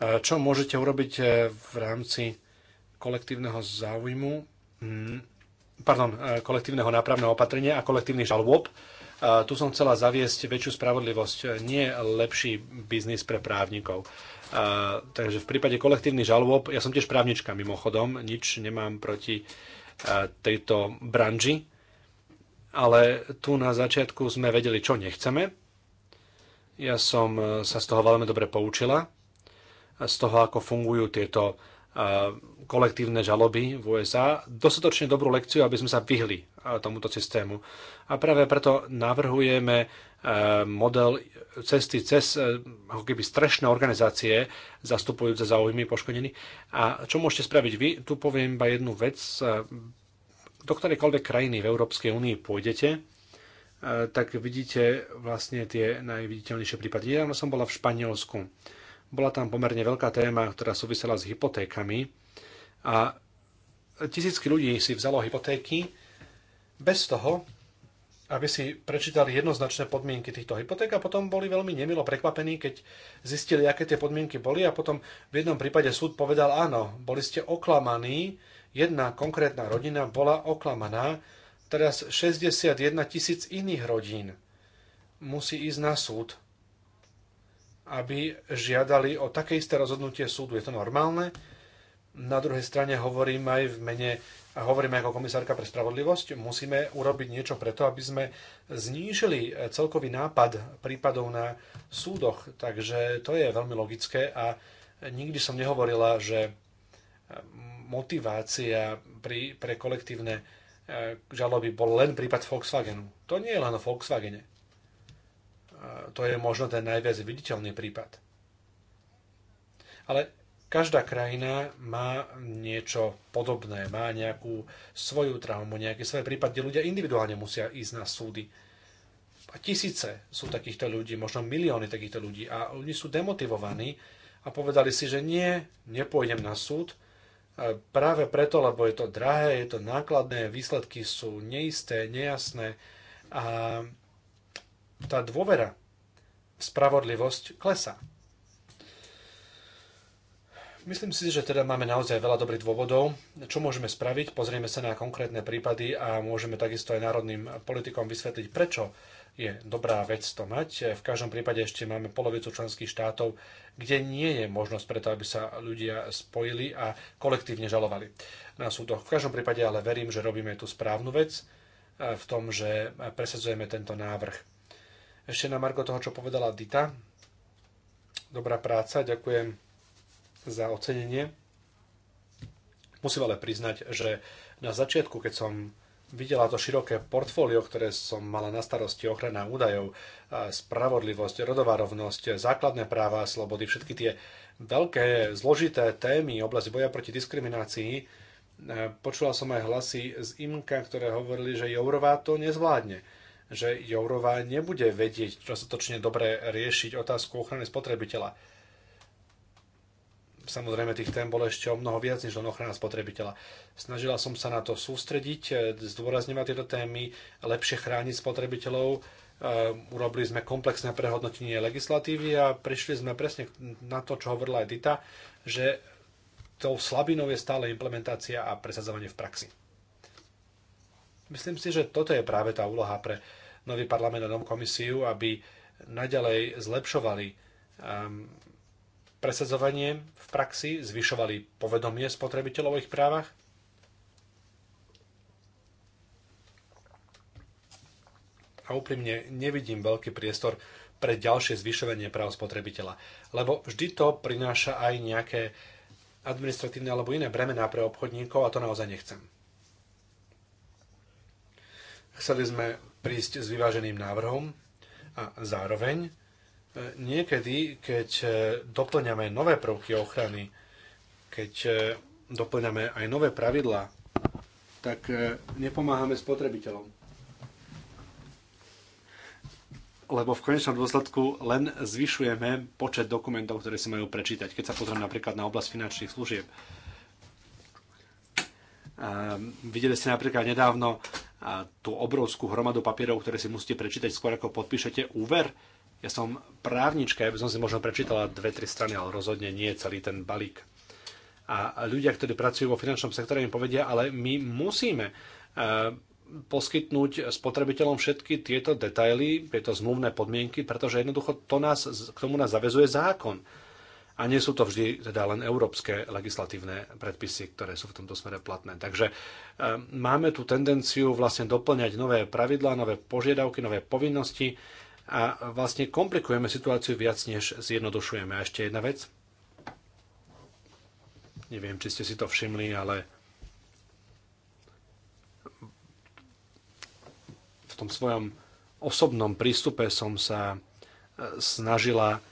Čo môžete urobiť e, v rámci kolektívneho záujmu, mm, pardon, e, kolektívneho nápravného opatrenia a kolektívnych žalôb? E, tu som chcela zaviesť väčšiu spravodlivosť, nie lepší biznis pre právnikov. Takže v prípade kolektívnych žalôb, ja som tiež právnička mimochodom, nič nemám proti tejto branži, ale tu na začiatku sme vedeli, čo nechceme ja som e, sa z toho veľmi dobre poučila, z toho, ako fungujú tieto e, kolektívne žaloby v USA dostatočne dobrú lekciu, aby sme sa vyhli e, tomuto systému. A práve preto navrhujeme model cesty cez ako keby strešné organizácie zastupujúce záujmy poškodení. A čo môžete spraviť vy? Tu poviem iba jednu vec. Do ktorejkoľvek krajiny v Európskej únii pôjdete, E, tak vidíte vlastne tie najviditeľnejšie prípady. Nedávno som bola v Španielsku. Bola tam pomerne veľká téma, ktorá súvisela s hypotékami a tisícky ľudí si vzalo hypotéky bez toho, aby si prečítali jednoznačné podmienky týchto hypoték a potom boli veľmi nemilo prekvapení, keď zistili, aké tie podmienky boli a potom v jednom prípade súd povedal áno, boli ste oklamaní, jedna konkrétna rodina bola oklamaná, Teraz 61 tisíc iných rodín musí ísť na súd, aby žiadali o také isté rozhodnutie súdu. Je to normálne? Na druhej strane hovorím aj v mene a hovorím ako komisárka pre spravodlivosť, musíme urobiť niečo preto, aby sme znížili celkový nápad prípadov na súdoch. Takže to je veľmi logické a nikdy som nehovorila, že motivácia pri, pre kolektívne E, žaloby bol len prípad Volkswagenu. To nie je len o Volkswagene. E, to je možno ten najviac viditeľný prípad. Ale každá krajina má niečo podobné, má nejakú svoju traumu, nejaký svoj prípad, kde ľudia individuálne musia ísť na súdy. A tisíce sú takýchto ľudí, možno milióny takýchto ľudí a oni sú demotivovaní a povedali si, že nie, nepôjdem na súd, práve preto, lebo je to drahé, je to nákladné, výsledky sú neisté, nejasné a tá dôvera v spravodlivosť klesá. Myslím si, že teda máme naozaj veľa dobrých dôvodov, čo môžeme spraviť. Pozrieme sa na konkrétne prípady a môžeme takisto aj národným politikom vysvetliť, prečo je dobrá vec to mať. V každom prípade ešte máme polovicu členských štátov, kde nie je možnosť preto, aby sa ľudia spojili a kolektívne žalovali na súdoch. V každom prípade ale verím, že robíme tú správnu vec e, v tom, že presadzujeme tento návrh. Ešte na marko toho, čo povedala Dita. Dobrá práca, ďakujem za ocenenie. Musím ale priznať, že na začiatku, keď som videla to široké portfólio, ktoré som mala na starosti ochrana údajov, spravodlivosť, rodová rovnosť, základné práva a slobody, všetky tie veľké, zložité témy, oblasti boja proti diskriminácii. E, počula som aj hlasy z IMKA, ktoré hovorili, že Jourová to nezvládne že Jourová nebude vedieť dostatočne dobre riešiť otázku ochrany spotrebiteľa Samozrejme, tých tém bolo ešte o mnoho viac než len ochrana spotrebiteľa. Snažila som sa na to sústrediť, e, zdôrazňovať tieto témy, lepšie chrániť spotrebiteľov. E, urobili sme komplexné prehodnotenie legislatívy a prišli sme presne na to, čo hovorila aj Dita, že tou slabinou je stále implementácia a presadzovanie v praxi. Myslím si, že toto je práve tá úloha pre nový parlament a novú komisiu, aby naďalej zlepšovali um, presadzovanie v praxi, zvyšovali povedomie spotrebiteľov o ich právach. A úprimne nevidím veľký priestor pre ďalšie zvyšovanie práv spotrebiteľa, lebo vždy to prináša aj nejaké administratívne alebo iné bremená pre obchodníkov a to naozaj nechcem. Chceli sme prísť s vyváženým návrhom a zároveň E, niekedy, keď e, doplňame nové prvky ochrany, keď e, doplňame aj nové pravidlá, tak nepomáhame spotrebiteľom. lebo v konečnom dôsledku len zvyšujeme počet dokumentov, ktoré si majú prečítať. Keď sa pozriem napríklad na oblasť finančných služieb. Videli ste napríklad nedávno tú obrovskú hromadu papierov, ktoré si musíte prečítať skôr ako podpíšete úver. Ja som právnička, ja by som si možno prečítala dve, tri strany, ale rozhodne nie celý ten balík. A ľudia, ktorí pracujú vo finančnom sektore, im povedia, ale my musíme e, poskytnúť spotrebiteľom všetky tieto detaily, tieto zmluvné podmienky, pretože jednoducho to nás, k tomu nás zavezuje zákon. A nie sú to vždy teda len európske legislatívne predpisy, ktoré sú v tomto smere platné. Takže e, máme tu tendenciu vlastne doplňať nové pravidlá, nové požiadavky, nové povinnosti, a vlastne komplikujeme situáciu viac, než zjednodušujeme. A ešte jedna vec. Neviem, či ste si to všimli, ale v tom svojom osobnom prístupe som sa snažila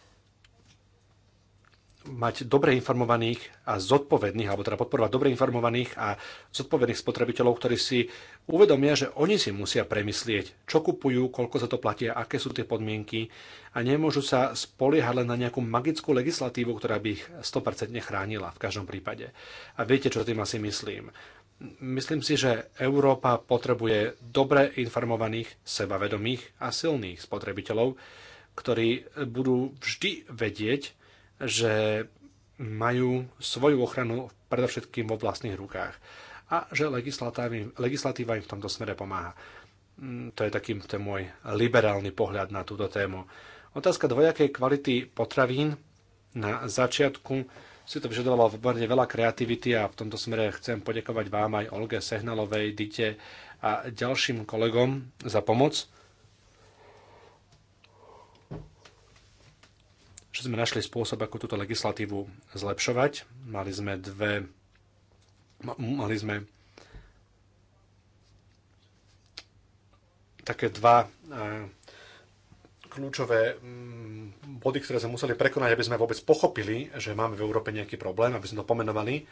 mať dobre informovaných a zodpovedných, alebo teda podporovať dobre informovaných a zodpovedných spotrebiteľov, ktorí si uvedomia, že oni si musia premyslieť, čo kupujú, koľko za to platia, aké sú tie podmienky a nemôžu sa spoliehať len na nejakú magickú legislatívu, ktorá by ich 100% chránila v každom prípade. A viete, čo tým asi myslím. Myslím si, že Európa potrebuje dobre informovaných, sebavedomých a silných spotrebiteľov, ktorí budú vždy vedieť, že majú svoju ochranu predovšetkým vo vlastných rukách a že legislatíva im v tomto smere pomáha. Mm, to je taký ten môj liberálny pohľad na túto tému. Otázka dvojakej kvality potravín na začiatku si to vyžadovalo pomerne veľa kreativity a v tomto smere chcem poďakovať vám aj Olge Sehnalovej, Dite a ďalším kolegom za pomoc. že sme našli spôsob, ako túto legislatívu zlepšovať. Mali sme dve... Mali sme také dva e, kľúčové mm, body, ktoré sme museli prekonať, aby sme vôbec pochopili, že máme v Európe nejaký problém, aby sme to pomenovali. E,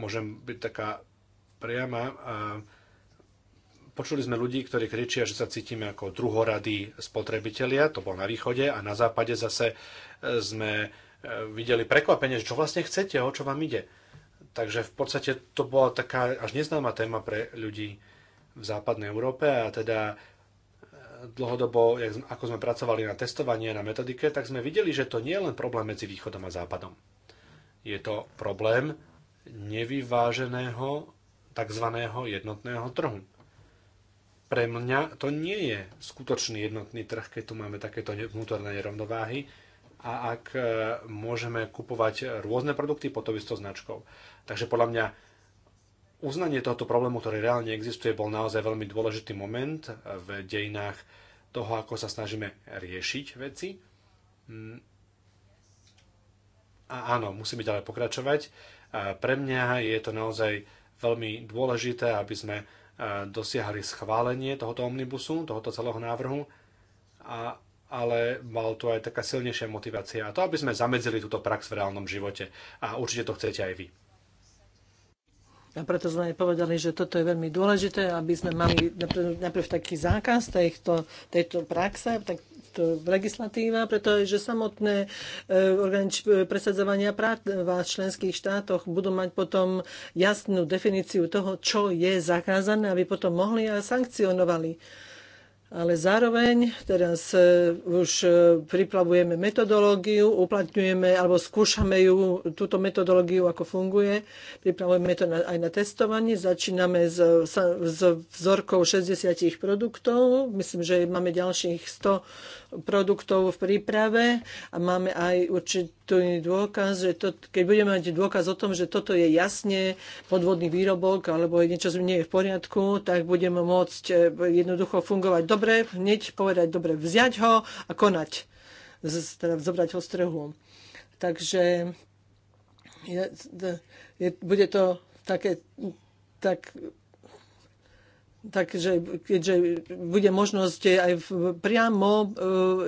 môžem byť taká priama Počuli sme ľudí, ktorí kričia, že sa cítime ako druhoradí spotrebitelia, to bolo na východe, a na západe zase e, sme e, videli prekvapenie, čo vlastne chcete, o čo vám ide. Takže v podstate to bola taká až neznáma téma pre ľudí v západnej Európe a teda e, dlhodobo, ako sme pracovali na testovanie, na metodike, tak sme videli, že to nie je len problém medzi východom a západom. Je to problém nevyváženého tzv. jednotného trhu. Pre mňa to nie je skutočný jednotný trh, keď tu máme takéto vnútorné nerovnováhy a ak e, môžeme kupovať rôzne produkty pod tou istou značkou. Takže podľa mňa uznanie tohoto problému, ktorý reálne existuje, bol naozaj veľmi dôležitý moment v dejinách toho, ako sa snažíme riešiť veci. Mm. A áno, musíme ďalej pokračovať. E, pre mňa je to naozaj veľmi dôležité, aby sme dosiahli schválenie tohoto omnibusu, tohoto celého návrhu, a, ale mal to aj taká silnejšia motivácia. A to, aby sme zamedzili túto prax v reálnom živote. A určite to chcete aj vy. A preto sme aj povedali, že toto je veľmi dôležité, aby sme mali najprv, najprv taký zákaz tejto, tejto praxe, to legislatíva, pretože samotné e, e presadzovania práva v členských štátoch budú mať potom jasnú definíciu toho, čo je zakázané, aby potom mohli a sankcionovali ale zároveň teraz e, už e, priplavujeme metodológiu, uplatňujeme alebo skúšame ju, túto metodológiu, ako funguje. Pripravujeme to na, aj na testovanie. Začíname s, s vzorkou 60 produktov. Myslím, že máme ďalších 100 produktov v príprave a máme aj určitý dôkaz, že to, keď budeme mať dôkaz o tom, že toto je jasne podvodný výrobok alebo niečo nie je v poriadku, tak budeme môcť e, jednoducho fungovať dobre dobre, hneď povedať, dobre, vziať ho a konať. Z, teda zobrať ho z trhu. Takže je, je, bude to také tak Takže keďže bude možnosť aj priamo e,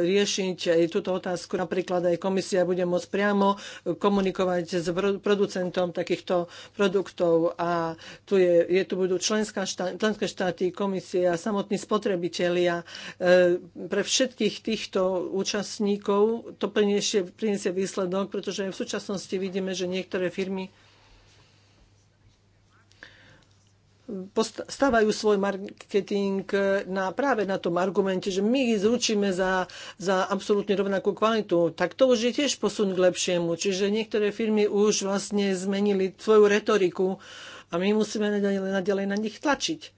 riešiť aj túto otázku, napríklad aj komisia bude môcť priamo e, komunikovať s producentom takýchto produktov a tu, je, je, tu budú členská štá, členské štáty, komisia, samotní spotrebitelia. E, pre všetkých týchto účastníkov to priniesie, priniesie výsledok, pretože v súčasnosti vidíme, že niektoré firmy stávajú svoj marketing eh, na, práve na tom argumente, že my ich zručíme za, za absolútne rovnakú kvalitu, tak to už je tiež posun k lepšiemu. Čiže niektoré firmy už vlastne zmenili svoju retoriku a my musíme nadalej na nich tlačiť.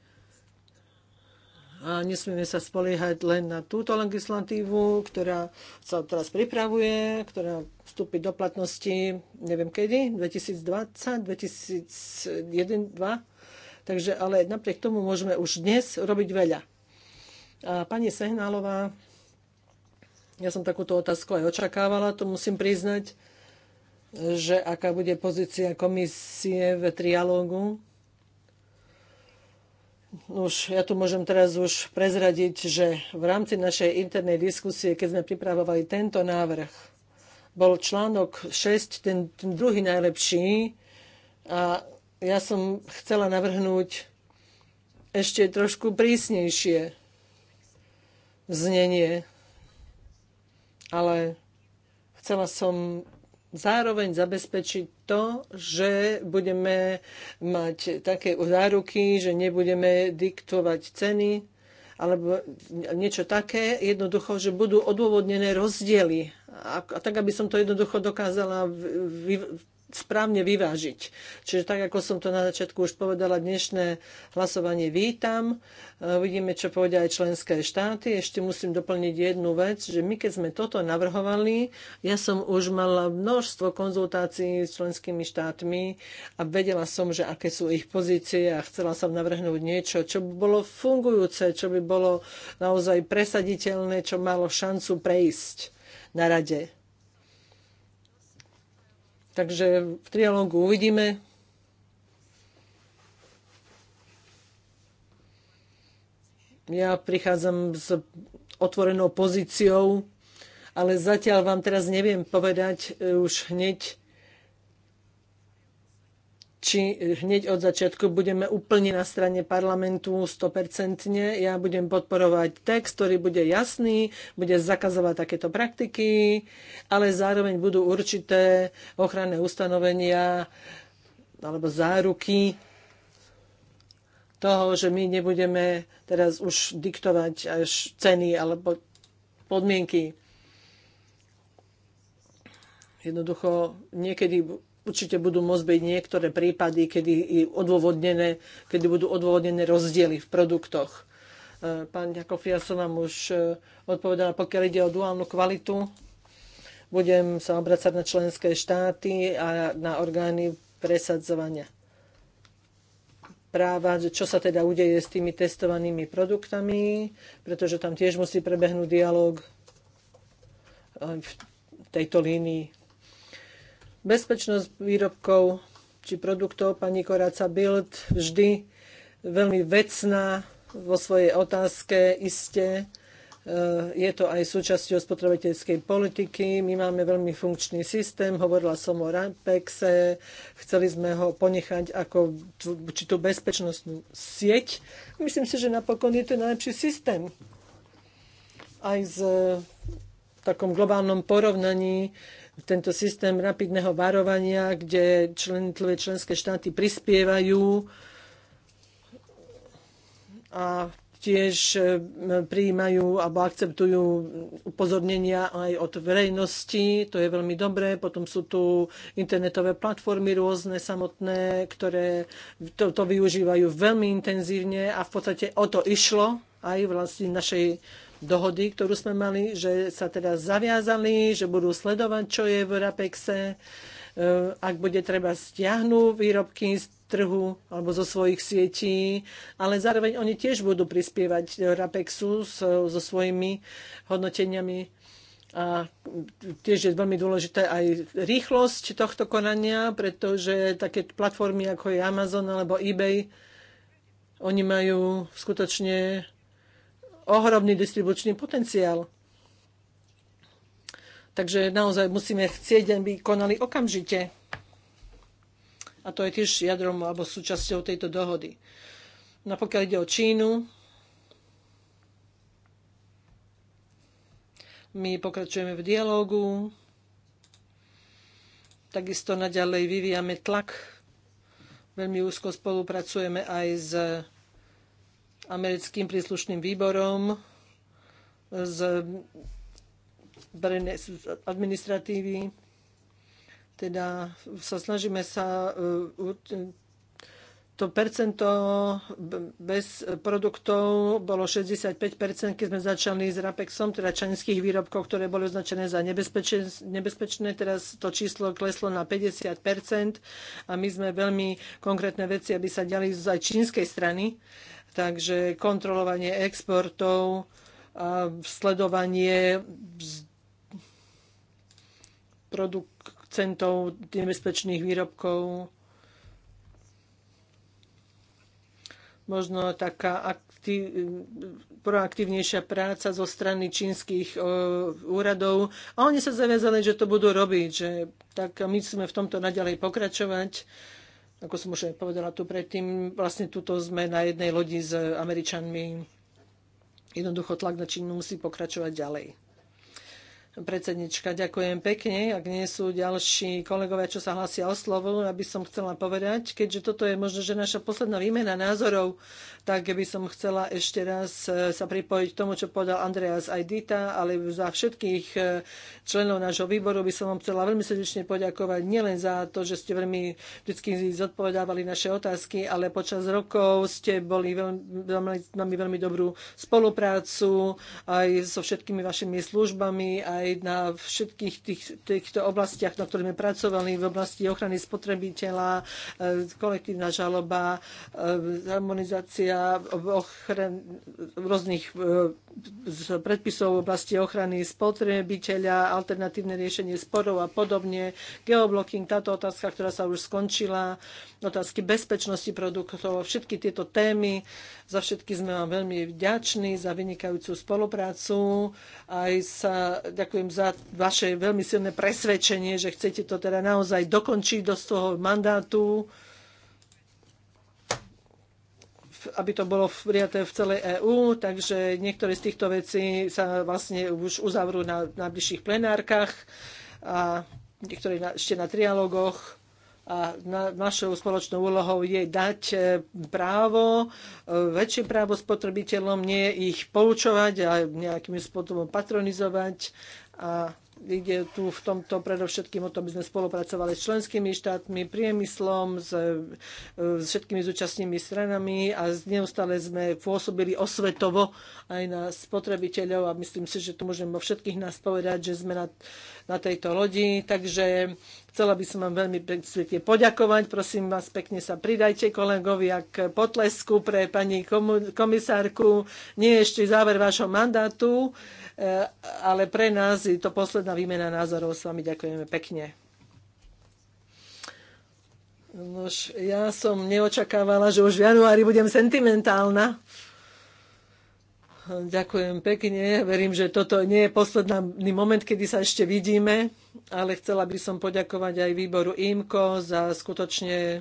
A nesmieme sa spoliehať len na túto legislatívu, ktorá sa teraz pripravuje, ktorá vstúpi do platnosti, neviem kedy, 2020, 2001, 2002 Takže ale napriek tomu môžeme už dnes robiť veľa. A pani Sehnálová, ja som takúto otázku aj očakávala, to musím priznať, že aká bude pozícia komisie v trialógu. Už, ja tu môžem teraz už prezradiť, že v rámci našej internej diskusie, keď sme pripravovali tento návrh, bol článok 6, ten, ten druhý najlepší a ja som chcela navrhnúť ešte trošku prísnejšie znenie, ale chcela som zároveň zabezpečiť to, že budeme mať také záruky, že nebudeme diktovať ceny alebo niečo také, jednoducho, že budú odôvodnené rozdiely. A, tak, aby som to jednoducho dokázala vy, správne vyvážiť. Čiže tak, ako som to na začiatku už povedala, dnešné hlasovanie vítam. E, uvidíme, čo povedia aj členské štáty. Ešte musím doplniť jednu vec, že my keď sme toto navrhovali, ja som už mala množstvo konzultácií s členskými štátmi a vedela som, že aké sú ich pozície a chcela som navrhnúť niečo, čo by bolo fungujúce, čo by bolo naozaj presaditeľné, čo malo šancu prejsť na rade. Takže v trialógu uvidíme. Ja prichádzam s otvorenou pozíciou, ale zatiaľ vám teraz neviem povedať e, už hneď, či hneď od začiatku budeme úplne na strane parlamentu 100%. Ja budem podporovať text, ktorý bude jasný, bude zakazovať takéto praktiky, ale zároveň budú určité ochranné ustanovenia alebo záruky toho, že my nebudeme teraz už diktovať až ceny alebo podmienky. Jednoducho niekedy určite budú môcť byť niektoré prípady, kedy, odôvodnené, kedy budú odôvodnené rozdiely v produktoch. E, pán Ďakov, ja som vám už e, odpovedala, pokiaľ ide o duálnu kvalitu, budem sa obracať na členské štáty a na orgány presadzovania práva, čo sa teda udeje s tými testovanými produktami, pretože tam tiež musí prebehnúť dialog e, v tejto línii. Bezpečnosť výrobkov či produktov pani Koráca Bild vždy veľmi vecná vo svojej otázke, iste e, je to aj súčasťou spotrebiteľskej politiky. My máme veľmi funkčný systém, hovorila som o Rampexe, chceli sme ho ponechať ako určitú bezpečnostnú sieť. Myslím si, že napokon je to najlepší systém. Aj z e, takom globálnom porovnaní tento systém rapidného varovania, kde člen, členské štáty prispievajú a tiež e, prijímajú alebo akceptujú upozornenia aj od verejnosti. To je veľmi dobré. Potom sú tu internetové platformy rôzne samotné, ktoré to, to využívajú veľmi intenzívne a v podstate o to išlo aj vlastne našej dohody, ktorú sme mali, že sa teda zaviazali, že budú sledovať, čo je v Rapexe, e, ak bude treba stiahnu výrobky z trhu alebo zo svojich sietí, ale zároveň oni tiež budú prispievať Rapexu so, so svojimi hodnoteniami a tiež je veľmi dôležité aj rýchlosť tohto konania, pretože také platformy ako je Amazon alebo eBay, oni majú skutočne ohromný distribučný potenciál. Takže naozaj musíme chcieť, aby konali okamžite. A to je tiež jadrom alebo súčasťou tejto dohody. No pokiaľ ide o Čínu, my pokračujeme v dialógu, takisto naďalej vyvíjame tlak, veľmi úzko spolupracujeme aj s americkým príslušným výborom z administratívy. Teda sa snažíme sa e, to percento bez produktov bolo 65%, keď sme začali s Rapexom, teda členských výrobkov, ktoré boli označené za nebezpečné, nebezpečné. Teraz to číslo kleslo na 50% a my sme veľmi konkrétne veci, aby sa diali aj čínskej strany takže kontrolovanie exportov, sledovanie producentov nebezpečných výrobkov. Možno taká proaktívnejšia práca zo strany čínskych e, úradov. A oni sa zaviazali, že to budú robiť, že tak my sme v tomto naďalej pokračovať ako som už aj povedala tu predtým, vlastne tuto sme na jednej lodi s Američanmi. Jednoducho tlak na Čínu musí pokračovať ďalej. Predsednička, ďakujem pekne. Ak nie sú ďalší kolegovia, čo sa hlasia o slovo, aby som chcela povedať, keďže toto je možno, že naša posledná výmena názorov, tak by som chcela ešte raz e, sa pripojiť k tomu, čo povedal Andreas Ajdita, ale za všetkých e, členov nášho výboru by som vám chcela veľmi srdečne poďakovať nielen za to, že ste veľmi vždy zodpovedávali naše otázky, ale počas rokov ste boli veľmi, veľmi dobrú spoluprácu aj so všetkými vašimi službami, aj aj na všetkých tých, týchto oblastiach, na ktorých sme pracovali v oblasti ochrany spotrebiteľa, e, kolektívna žaloba, e, harmonizácia ochran, rôznych e, predpisov v oblasti ochrany spotrebiteľa, alternatívne riešenie sporov a podobne, geoblocking, táto otázka, ktorá sa už skončila, otázky bezpečnosti produktov, všetky tieto témy, za všetky sme vám veľmi vďační, za vynikajúcu spoluprácu, aj sa ďakujem ďakujem za vaše veľmi silné presvedčenie, že chcete to teda naozaj dokončiť do svojho mandátu, aby to bolo prijaté v celej EÚ, takže niektoré z týchto vecí sa vlastne už uzavrú na najbližších plenárkach a niektoré ešte na trialógoch a na, našou spoločnou úlohou je dať e, právo, e, väčšie právo spotrebiteľom, nie ich poučovať a nejakým spôsobom patronizovať. A ide tu v tomto predovšetkým o tom, aby sme spolupracovali s členskými štátmi, priemyslom, s, e, s všetkými zúčastnými stranami a neustále sme pôsobili osvetovo aj na spotrebiteľov a myslím si, že tu môžeme vo všetkých nás povedať, že sme na, na tejto lodi. Takže Chcela by som vám veľmi pekne poďakovať. Prosím vás, pekne sa pridajte kolegovia k potlesku pre pani komisárku. Nie ešte záver vášho mandátu, e, ale pre nás je to posledná výmena názorov s vami. Ďakujeme pekne. Nož, ja som neočakávala, že už v januári budem sentimentálna. Ďakujem pekne. Verím, že toto nie je posledný moment, kedy sa ešte vidíme, ale chcela by som poďakovať aj výboru IMKO za skutočne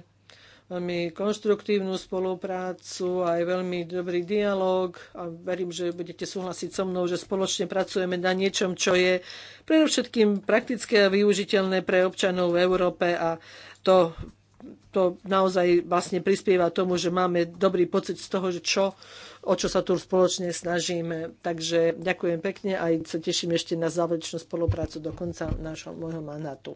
veľmi konštruktívnu spoluprácu, aj veľmi dobrý dialog a verím, že budete súhlasiť so mnou, že spoločne pracujeme na niečom, čo je predovšetkým praktické a využiteľné pre občanov v Európe a to, to naozaj vlastne prispieva tomu, že máme dobrý pocit z toho, že čo o čo sa tu spoločne snažíme. Takže ďakujem pekne a aj sa teším ešte na záverečnú spoluprácu do konca nášho môjho mandátu.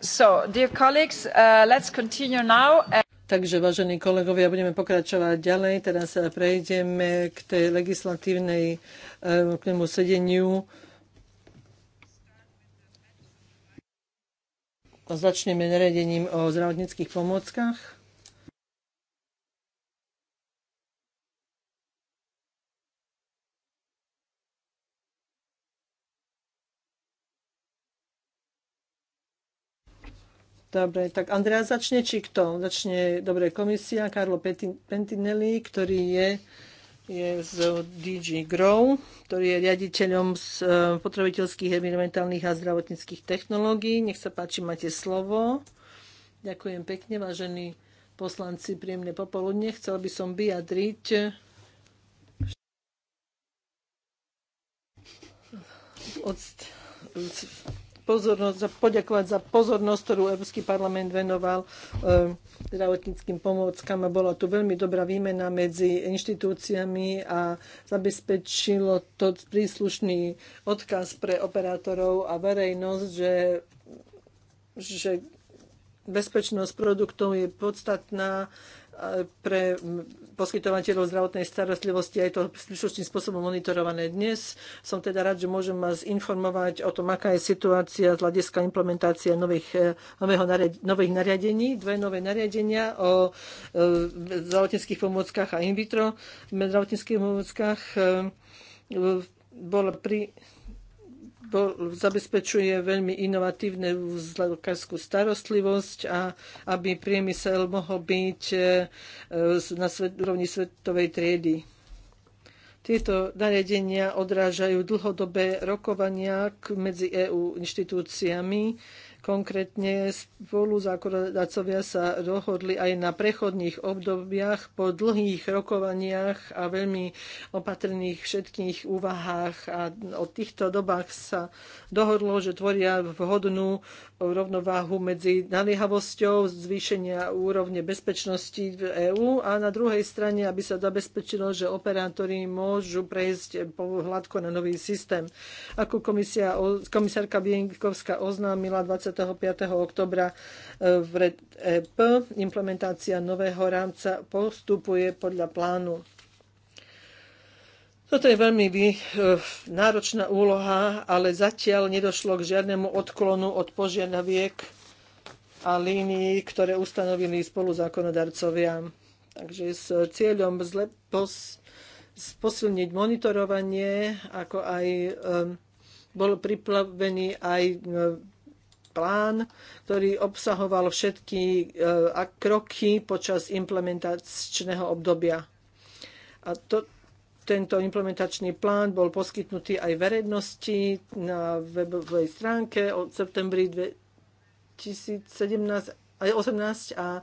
Uh, Takže, vážení kolegovia, budeme pokračovať ďalej. Teraz uh, prejdeme k tej legislatívnej, uh, k tomu sedeniu. Začneme naredením o zdravotníckých pomôckach. Dobre, tak Andrea začne, či kto? Začne, dobre, komisia, Karlo Pentinelli, ktorý je, je z DG Grow, ktorý je riaditeľom z eh, potrebiteľských, environmentálnych a zdravotníckých technológií. Nech sa páči, máte slovo. Ďakujem pekne, vážení poslanci, príjemné popoludne. Chcel by som vyjadriť od, pozornosť, poďakovať za pozornosť, ktorú Európsky parlament venoval eh, zdravotníckým pomôckam. Bola tu veľmi dobrá výmena medzi inštitúciami a zabezpečilo to príslušný odkaz pre operátorov a verejnosť, že, že bezpečnosť produktov je podstatná pre poskytovateľov zdravotnej starostlivosti aj to príslušným spôsobom monitorované. Dnes som teda rád, že môžem vás informovať o tom, aká je situácia z hľadiska implementácie nových, nového, nových nariadení, dve nové nariadenia o e, zdravotníckých pomôckach a in vitro zdravotníckých pomôckach. E, Bolo pri zabezpečuje veľmi inovatívne lekárskú starostlivosť a aby priemysel mohol byť e, na svet, rovni svetovej triedy. Tieto nariadenia odrážajú dlhodobé rokovania medzi EU inštitúciami, Konkrétne zákonodacovia sa dohodli aj na prechodných obdobiach po dlhých rokovaniach a veľmi opatrných všetkých úvahách a o týchto dobách sa dohodlo, že tvoria vhodnú rovnováhu medzi naliehavosťou zvýšenia úrovne bezpečnosti v EÚ a na druhej strane, aby sa zabezpečilo, že operátori môžu prejsť po hladko na nový systém. Ako komisia, komisárka Bienkovská oznámila 20 25. oktobra e, v Red EP. Implementácia nového rámca postupuje podľa plánu. Toto je veľmi vý, e, náročná úloha, ale zatiaľ nedošlo k žiadnemu odklonu od požiadaviek a línií, ktoré ustanovili spoluzákonodarcovia. Takže s cieľom pos, posilniť monitorovanie, ako aj um, bol priplavený aj um, plán, ktorý obsahoval všetky e, kroky počas implementačného obdobia. A to, tento implementačný plán bol poskytnutý aj verejnosti na webovej stránke od septembri 2017 a e,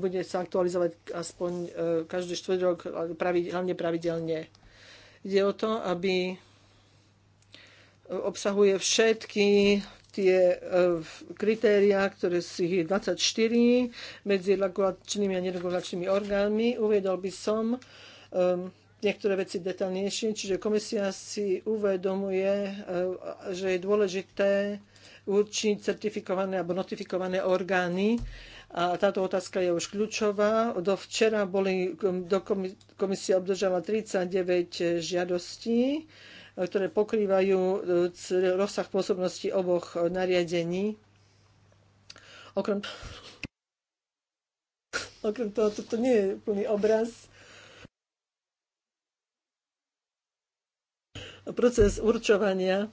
bude sa aktualizovať aspoň e, každý štvrť rok, hlavne pravidelne. Ide o to, aby obsahuje všetky tie e, kritériá, ktoré si 24 medzi regulačnými a neregulačnými orgánmi. Uviedol by som ehm, niektoré veci detaľnejšie, čiže komisia si uvedomuje, e, že je dôležité určiť certifikované alebo notifikované orgány, a táto otázka je už kľúčová. Do včera boli, do komisie obdržala 39 žiadostí E, ktoré pokrývajú e, rozsah pôsobnosti oboch nariadení. Okrem toho, okrem toho toto nie je plný obraz. Proces určovania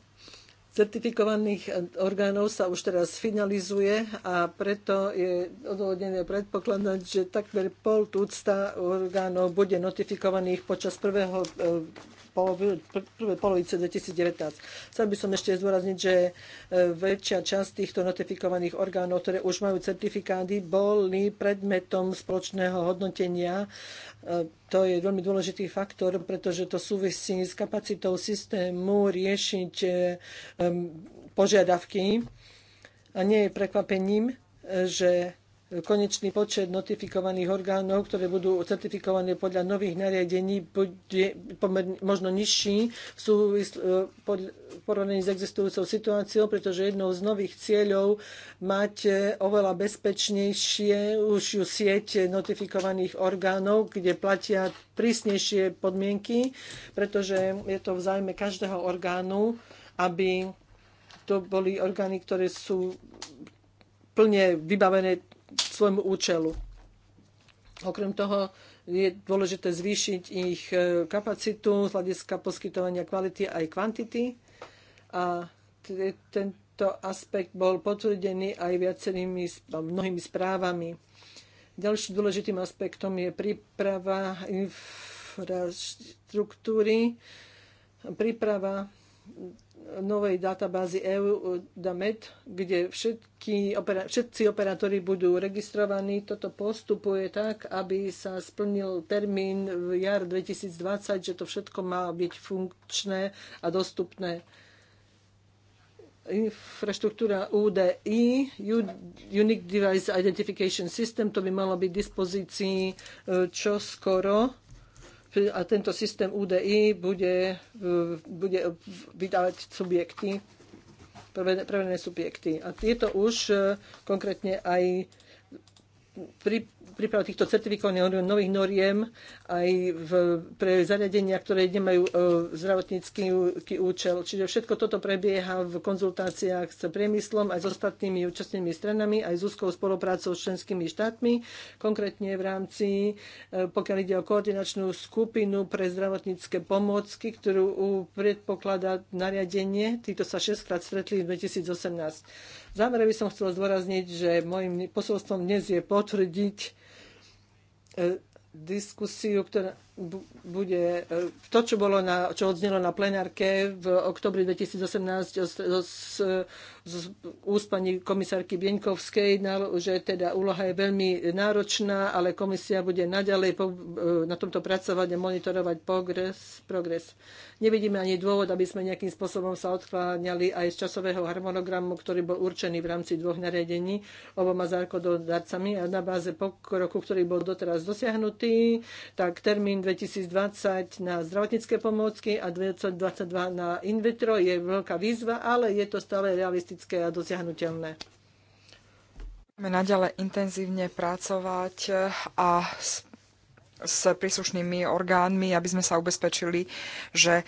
certifikovaných eh, orgánov sa už teraz finalizuje a preto je odôvodnené predpokladať, že takmer pol túcta orgánov bude notifikovaných počas prvého eh, prvej polovice 2019. Chcel by som ešte zdôrazniť, že eh, väčšia časť týchto notifikovaných orgánov, ktoré už majú certifikáty, boli predmetom spoločného hodnotenia to je veľmi dôležitý faktor, pretože to súvisí s kapacitou systému riešiť eh, požiadavky. A nie je prekvapením, eh, že konečný počet notifikovaných orgánov, ktoré budú certifikované podľa nových nariadení, bude pomerne, možno nižší v, súvis, e, porovnaní s existujúcou situáciou, pretože jednou z nových cieľov mať e, oveľa bezpečnejšie ju sieť notifikovaných orgánov, kde platia prísnejšie podmienky, pretože je to v zájme každého orgánu, aby to boli orgány, ktoré sú plne vybavené svojmu účelu. Okrem toho je dôležité zvýšiť ich e, kapacitu z hľadiska poskytovania kvality aj kvantity. A tento aspekt bol potvrdený aj viacerými mnohými správami. Ďalším dôležitým aspektom je príprava infraštruktúry, príprava novej databázy EU DAMET, kde všetky, všetci operátori budú registrovaní. Toto postupuje tak, aby sa splnil termín v jar 2020, že to všetko má byť funkčné a dostupné. Infraštruktúra UDI, Unique Device Identification System, to by malo byť dispozícii eh, čoskoro a tento systém UDI bude, bude vydávať subjekty, prevedené subjekty. A tieto už e, konkrétne aj pri, prípravu týchto certifikovaných nových noriem aj v, pre zariadenia, ktoré nemajú e, zdravotnícky účel. Čiže všetko toto prebieha v konzultáciách s priemyslom aj s ostatnými účastnými stranami, aj s úzkou spoluprácou s členskými štátmi, konkrétne v rámci, e, pokiaľ ide o koordinačnú skupinu pre zdravotnícke pomocky, ktorú predpokladá nariadenie. Títo sa šestkrát stretli v 2018. Závere by som chcela zdôrazniť, že môjim posolstvom dnes je potvrdiť E, diskusiu, ktorá bude e, to, čo, bolo na, čo odznelo na plenárke v oktobri 2018 z, z, z úst pani komisárky Bieňkovskej, že teda úloha je veľmi náročná, ale komisia bude naďalej po, e, na tomto pracovať a monitorovať progres, progres. Nevidíme ani dôvod, aby sme nejakým spôsobom sa odkláňali aj z časového harmonogramu, ktorý bol určený v rámci dvoch nariadení oboma zákonodarcami a na báze pokroku, ktorý bol doteraz dosiahnutý, tak termín 2020 na zdravotnícke pomôcky a 2022 na in vitro je veľká výzva, ale je to stále realistické a dosiahnutelné. Budeme naďalej intenzívne pracovať eh, a s príslušnými orgánmi, aby sme sa ubezpečili, že eh,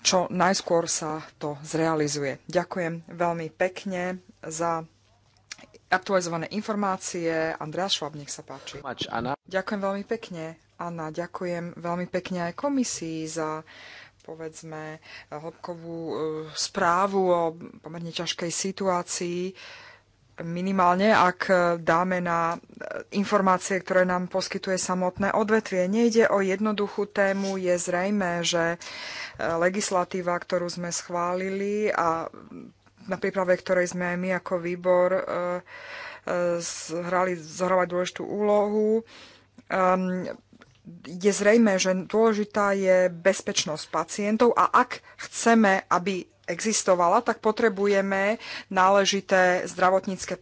čo najskôr sa to zrealizuje. Ďakujem veľmi pekne za aktualizované informácie. Andrea Švab, nech sa páči. Ďakujem veľmi pekne, Anna, ďakujem veľmi pekne aj komisii za povedzme hĺbkovú e, správu o pomerne ťažkej situácii. Minimálne, ak e, dáme na e, informácie, ktoré nám poskytuje samotné odvetvie. Nejde o jednoduchú tému, je zrejme, že legislatíva, ktorú sme schválili a na príprave ktorej sme aj my ako výbor zhrali zhrávať dôležitú úlohu, um, je zrejme, že dôležitá je bezpečnosť pacientov a ak chceme, aby existovala, tak potrebujeme náležité zdravotnícke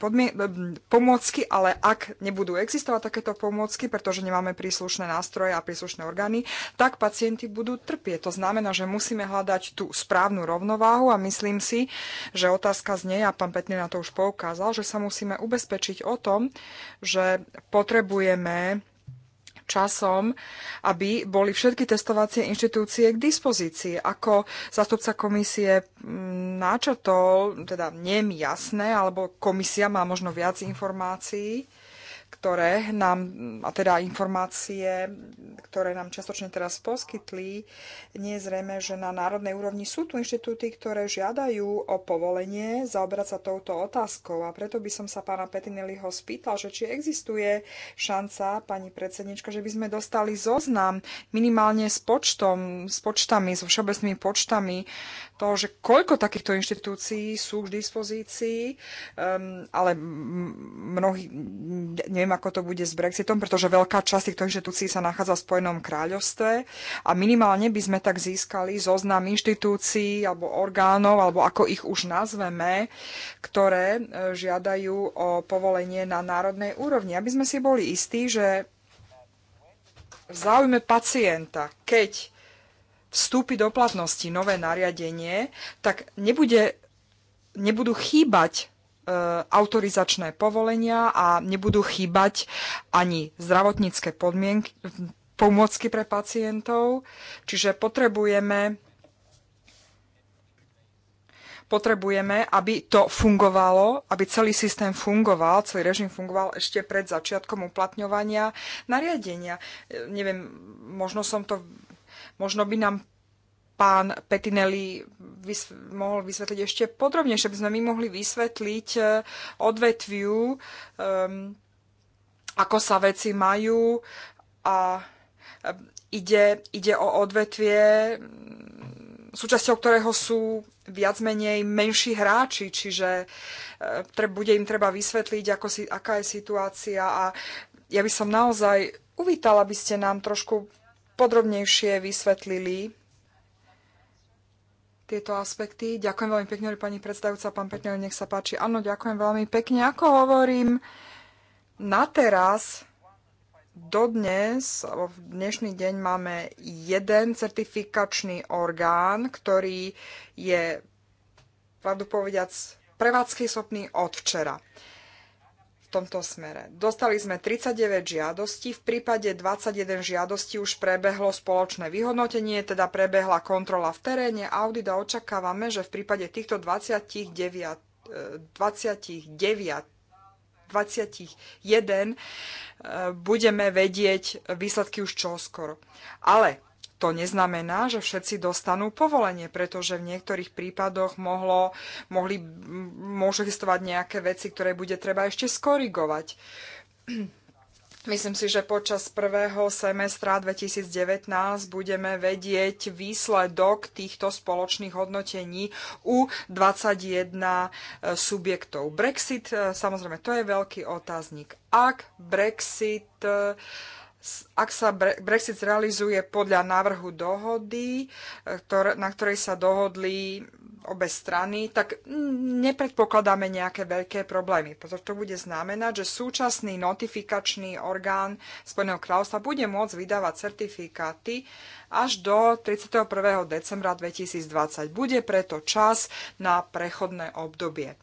pomôcky, ale ak nebudú existovať takéto pomôcky, pretože nemáme príslušné nástroje a príslušné orgány, tak pacienti budú trpieť. To znamená, že musíme hľadať tú správnu rovnováhu a myslím si, že otázka znie, a pán Petne na to už poukázal, že sa musíme ubezpečiť o tom, že potrebujeme časom, aby boli všetky testovacie inštitúcie k dispozícii. Ako zastupca komisie mm, načrtol, teda nie je mi jasné, alebo komisia má možno viac informácií, ktoré nám, a teda informácie, ktoré nám častočne teraz poskytli, nie je zrejme, že na národnej úrovni sú tu inštitúty, ktoré žiadajú o povolenie zaobrať sa touto otázkou. A preto by som sa pána Petinelliho spýtal, že či existuje šanca, pani predsednička, že by sme dostali zoznam minimálne s počtom, s počtami, so všeobecnými počtami to, že koľko takýchto inštitúcií sú k dispozícii, um, ale mnohí, neviem ako to bude s Brexitom, pretože veľká časť týchto inštitúcií sa nachádza v Spojenom kráľovstve a minimálne by sme tak získali zoznam inštitúcií alebo orgánov, alebo ako ich už nazveme, ktoré e, žiadajú o povolenie na národnej úrovni, aby sme si boli istí, že v záujme pacienta, keď vstúpi do platnosti nové nariadenie, tak nebude, nebudú chýbať e, autorizačné povolenia a nebudú chýbať ani zdravotnícke podmienky, pomôcky pre pacientov. Čiže potrebujeme, potrebujeme, aby to fungovalo, aby celý systém fungoval, celý režim fungoval ešte pred začiatkom uplatňovania nariadenia. E, neviem, možno som to Možno by nám pán Petinelli vysv- mohol vysvetliť ešte že by sme my mohli vysvetliť e, odvetviu, um, ako sa veci majú a e, ide, ide o odvetvie, mm, súčasťou ktorého sú viac menej menší hráči, čiže e, tre- bude im treba vysvetliť, ako si, aká je situácia a ja by som naozaj uvítala, aby ste nám trošku podrobnejšie vysvetlili tieto aspekty. Ďakujem veľmi pekne, pani predstavujúca, pán Petner, nech sa páči. Áno, ďakujem veľmi pekne. Ako hovorím, na teraz, dodnes, alebo v dnešný deň máme jeden certifikačný orgán, ktorý je, pravdu povediac, prevádzky schopný od včera. Uh, tomto smere. Dostali sme 39 žiadostí, v prípade 21 žiadostí už prebehlo spoločné vyhodnotenie, teda prebehla kontrola v teréne, audit a očakávame, že v prípade týchto 29, 29 21 budeme vedieť výsledky už čoskoro. Ale to neznamená, že všetci dostanú povolenie, pretože v niektorých prípadoch mohlo, mohli, môžu existovať nejaké veci, ktoré bude treba ešte skorigovať. Myslím si, že počas prvého semestra 2019 budeme vedieť výsledok týchto spoločných hodnotení u 21 eh, subjektov. Brexit, eh, samozrejme, to je veľký otáznik. Ak Brexit eh, ak sa Brexit zrealizuje podľa návrhu dohody, eh, na ktorej sa dohodli obe strany, tak nepredpokladáme nejaké veľké problémy. Pretože to bude znamenať, že súčasný notifikačný orgán Spojeného kráľovstva bude môcť vydávať certifikáty až do 31. decembra 2020. Bude preto čas na prechodné obdobie.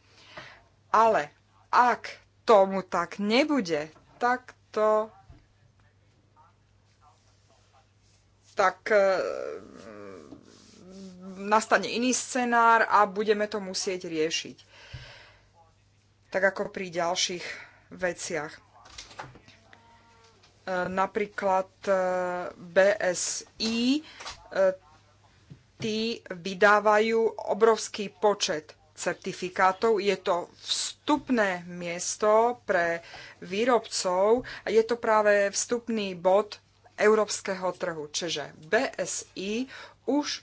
Ale ak tomu tak nebude, tak to tak e, nastane iný scenár a budeme to musieť riešiť. Tak ako pri ďalších veciach. E, napríklad e, BSI, tí vydávajú obrovský počet certifikátov. Je to vstupné miesto pre výrobcov a je to práve vstupný bod európskeho trhu. Čiže BSI už e,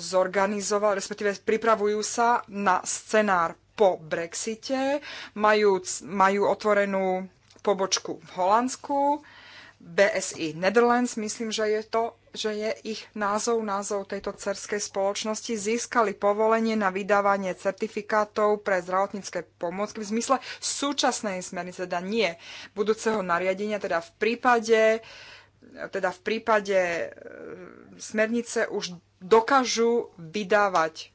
zorganizoval, respektíve pripravujú sa na scenár po Brexite, majú, majú otvorenú pobočku v Holandsku, BSI Netherlands, myslím, že je to že je ich názov, názov tejto cerskej spoločnosti, získali povolenie na vydávanie certifikátov pre zdravotnícke pomôcky v zmysle súčasnej smernice, teda nie budúceho nariadenia, teda v prípade, teda v prípade e, smernice už dokážu vydávať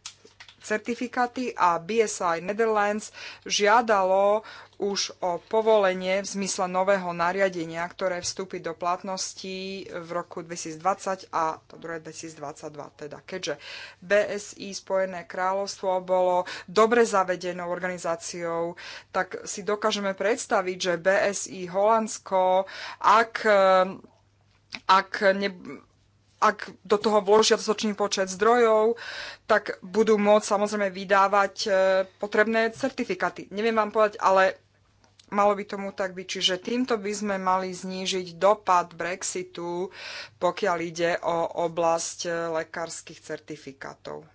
certifikáty a BSI Netherlands žiadalo už o povolenie v zmysle nového nariadenia, ktoré vstúpi do platnosti v roku 2020 a to druhé 2022. Teda keďže BSI Spojené kráľovstvo bolo dobre zavedenou organizáciou, tak si dokážeme predstaviť, že BSI Holandsko, ak ak, ne, ak do toho vložia dostatočný počet zdrojov, tak budú môcť samozrejme vydávať e, potrebné certifikáty. Neviem vám povedať, ale malo by tomu tak byť. Čiže týmto by sme mali znížiť dopad Brexitu, pokiaľ ide o oblasť e, lekárskych certifikátov.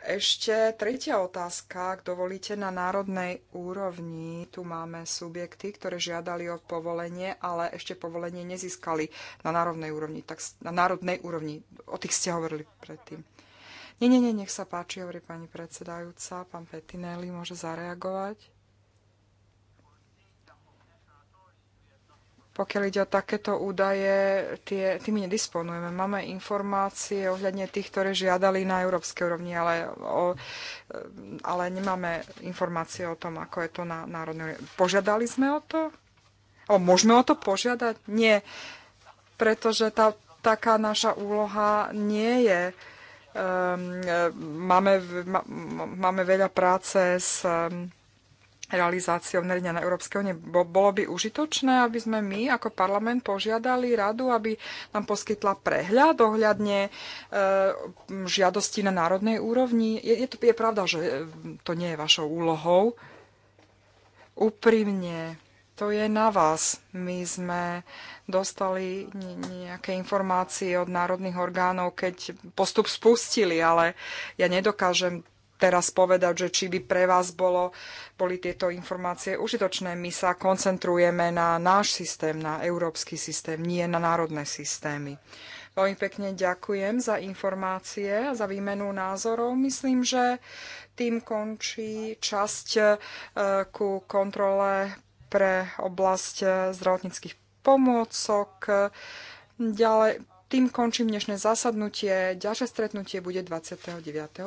Ešte tretia otázka, ak dovolíte, na národnej úrovni. Tu máme subjekty, ktoré žiadali o povolenie, ale ešte povolenie nezískali na národnej úrovni. Tak na národnej úrovni. O tých ste hovorili predtým. Nie, nie, nie, nech sa páči, hovorí pani predsedajúca. Pán Petinelli môže zareagovať. Pokiaľ ide o takéto údaje, tie, tými nedisponujeme. Máme informácie ohľadne tých, ktoré žiadali na európskej úrovni, ale, o, ale nemáme informácie o tom, ako je to na národnej úrovni. Požiadali sme o to? O, môžeme o to požiadať? Nie, pretože tá, taká naša úloha nie je. Um, e, máme, ma, máme veľa práce s um, realizáciou nariadenia na Európskej únie. Bolo by užitočné, aby sme my ako parlament požiadali radu, aby nám poskytla prehľad ohľadne e, žiadosti na národnej úrovni. Je, je, to, je pravda, že e, to nie je vašou úlohou. Úprimne, to je na vás. My sme dostali nejaké informácie od národných orgánov, keď postup spustili, ale ja nedokážem teraz povedať, že či by pre vás bolo, boli tieto informácie užitočné. My sa koncentrujeme na náš systém, na európsky systém, nie na národné systémy. Veľmi pekne ďakujem za informácie a za výmenu názorov. Myslím, že tým končí časť e, ku kontrole pre oblasť e, zdravotníckých pomôcok. Ďalej, tým končím dnešné zasadnutie. Ďalšie stretnutie bude 29.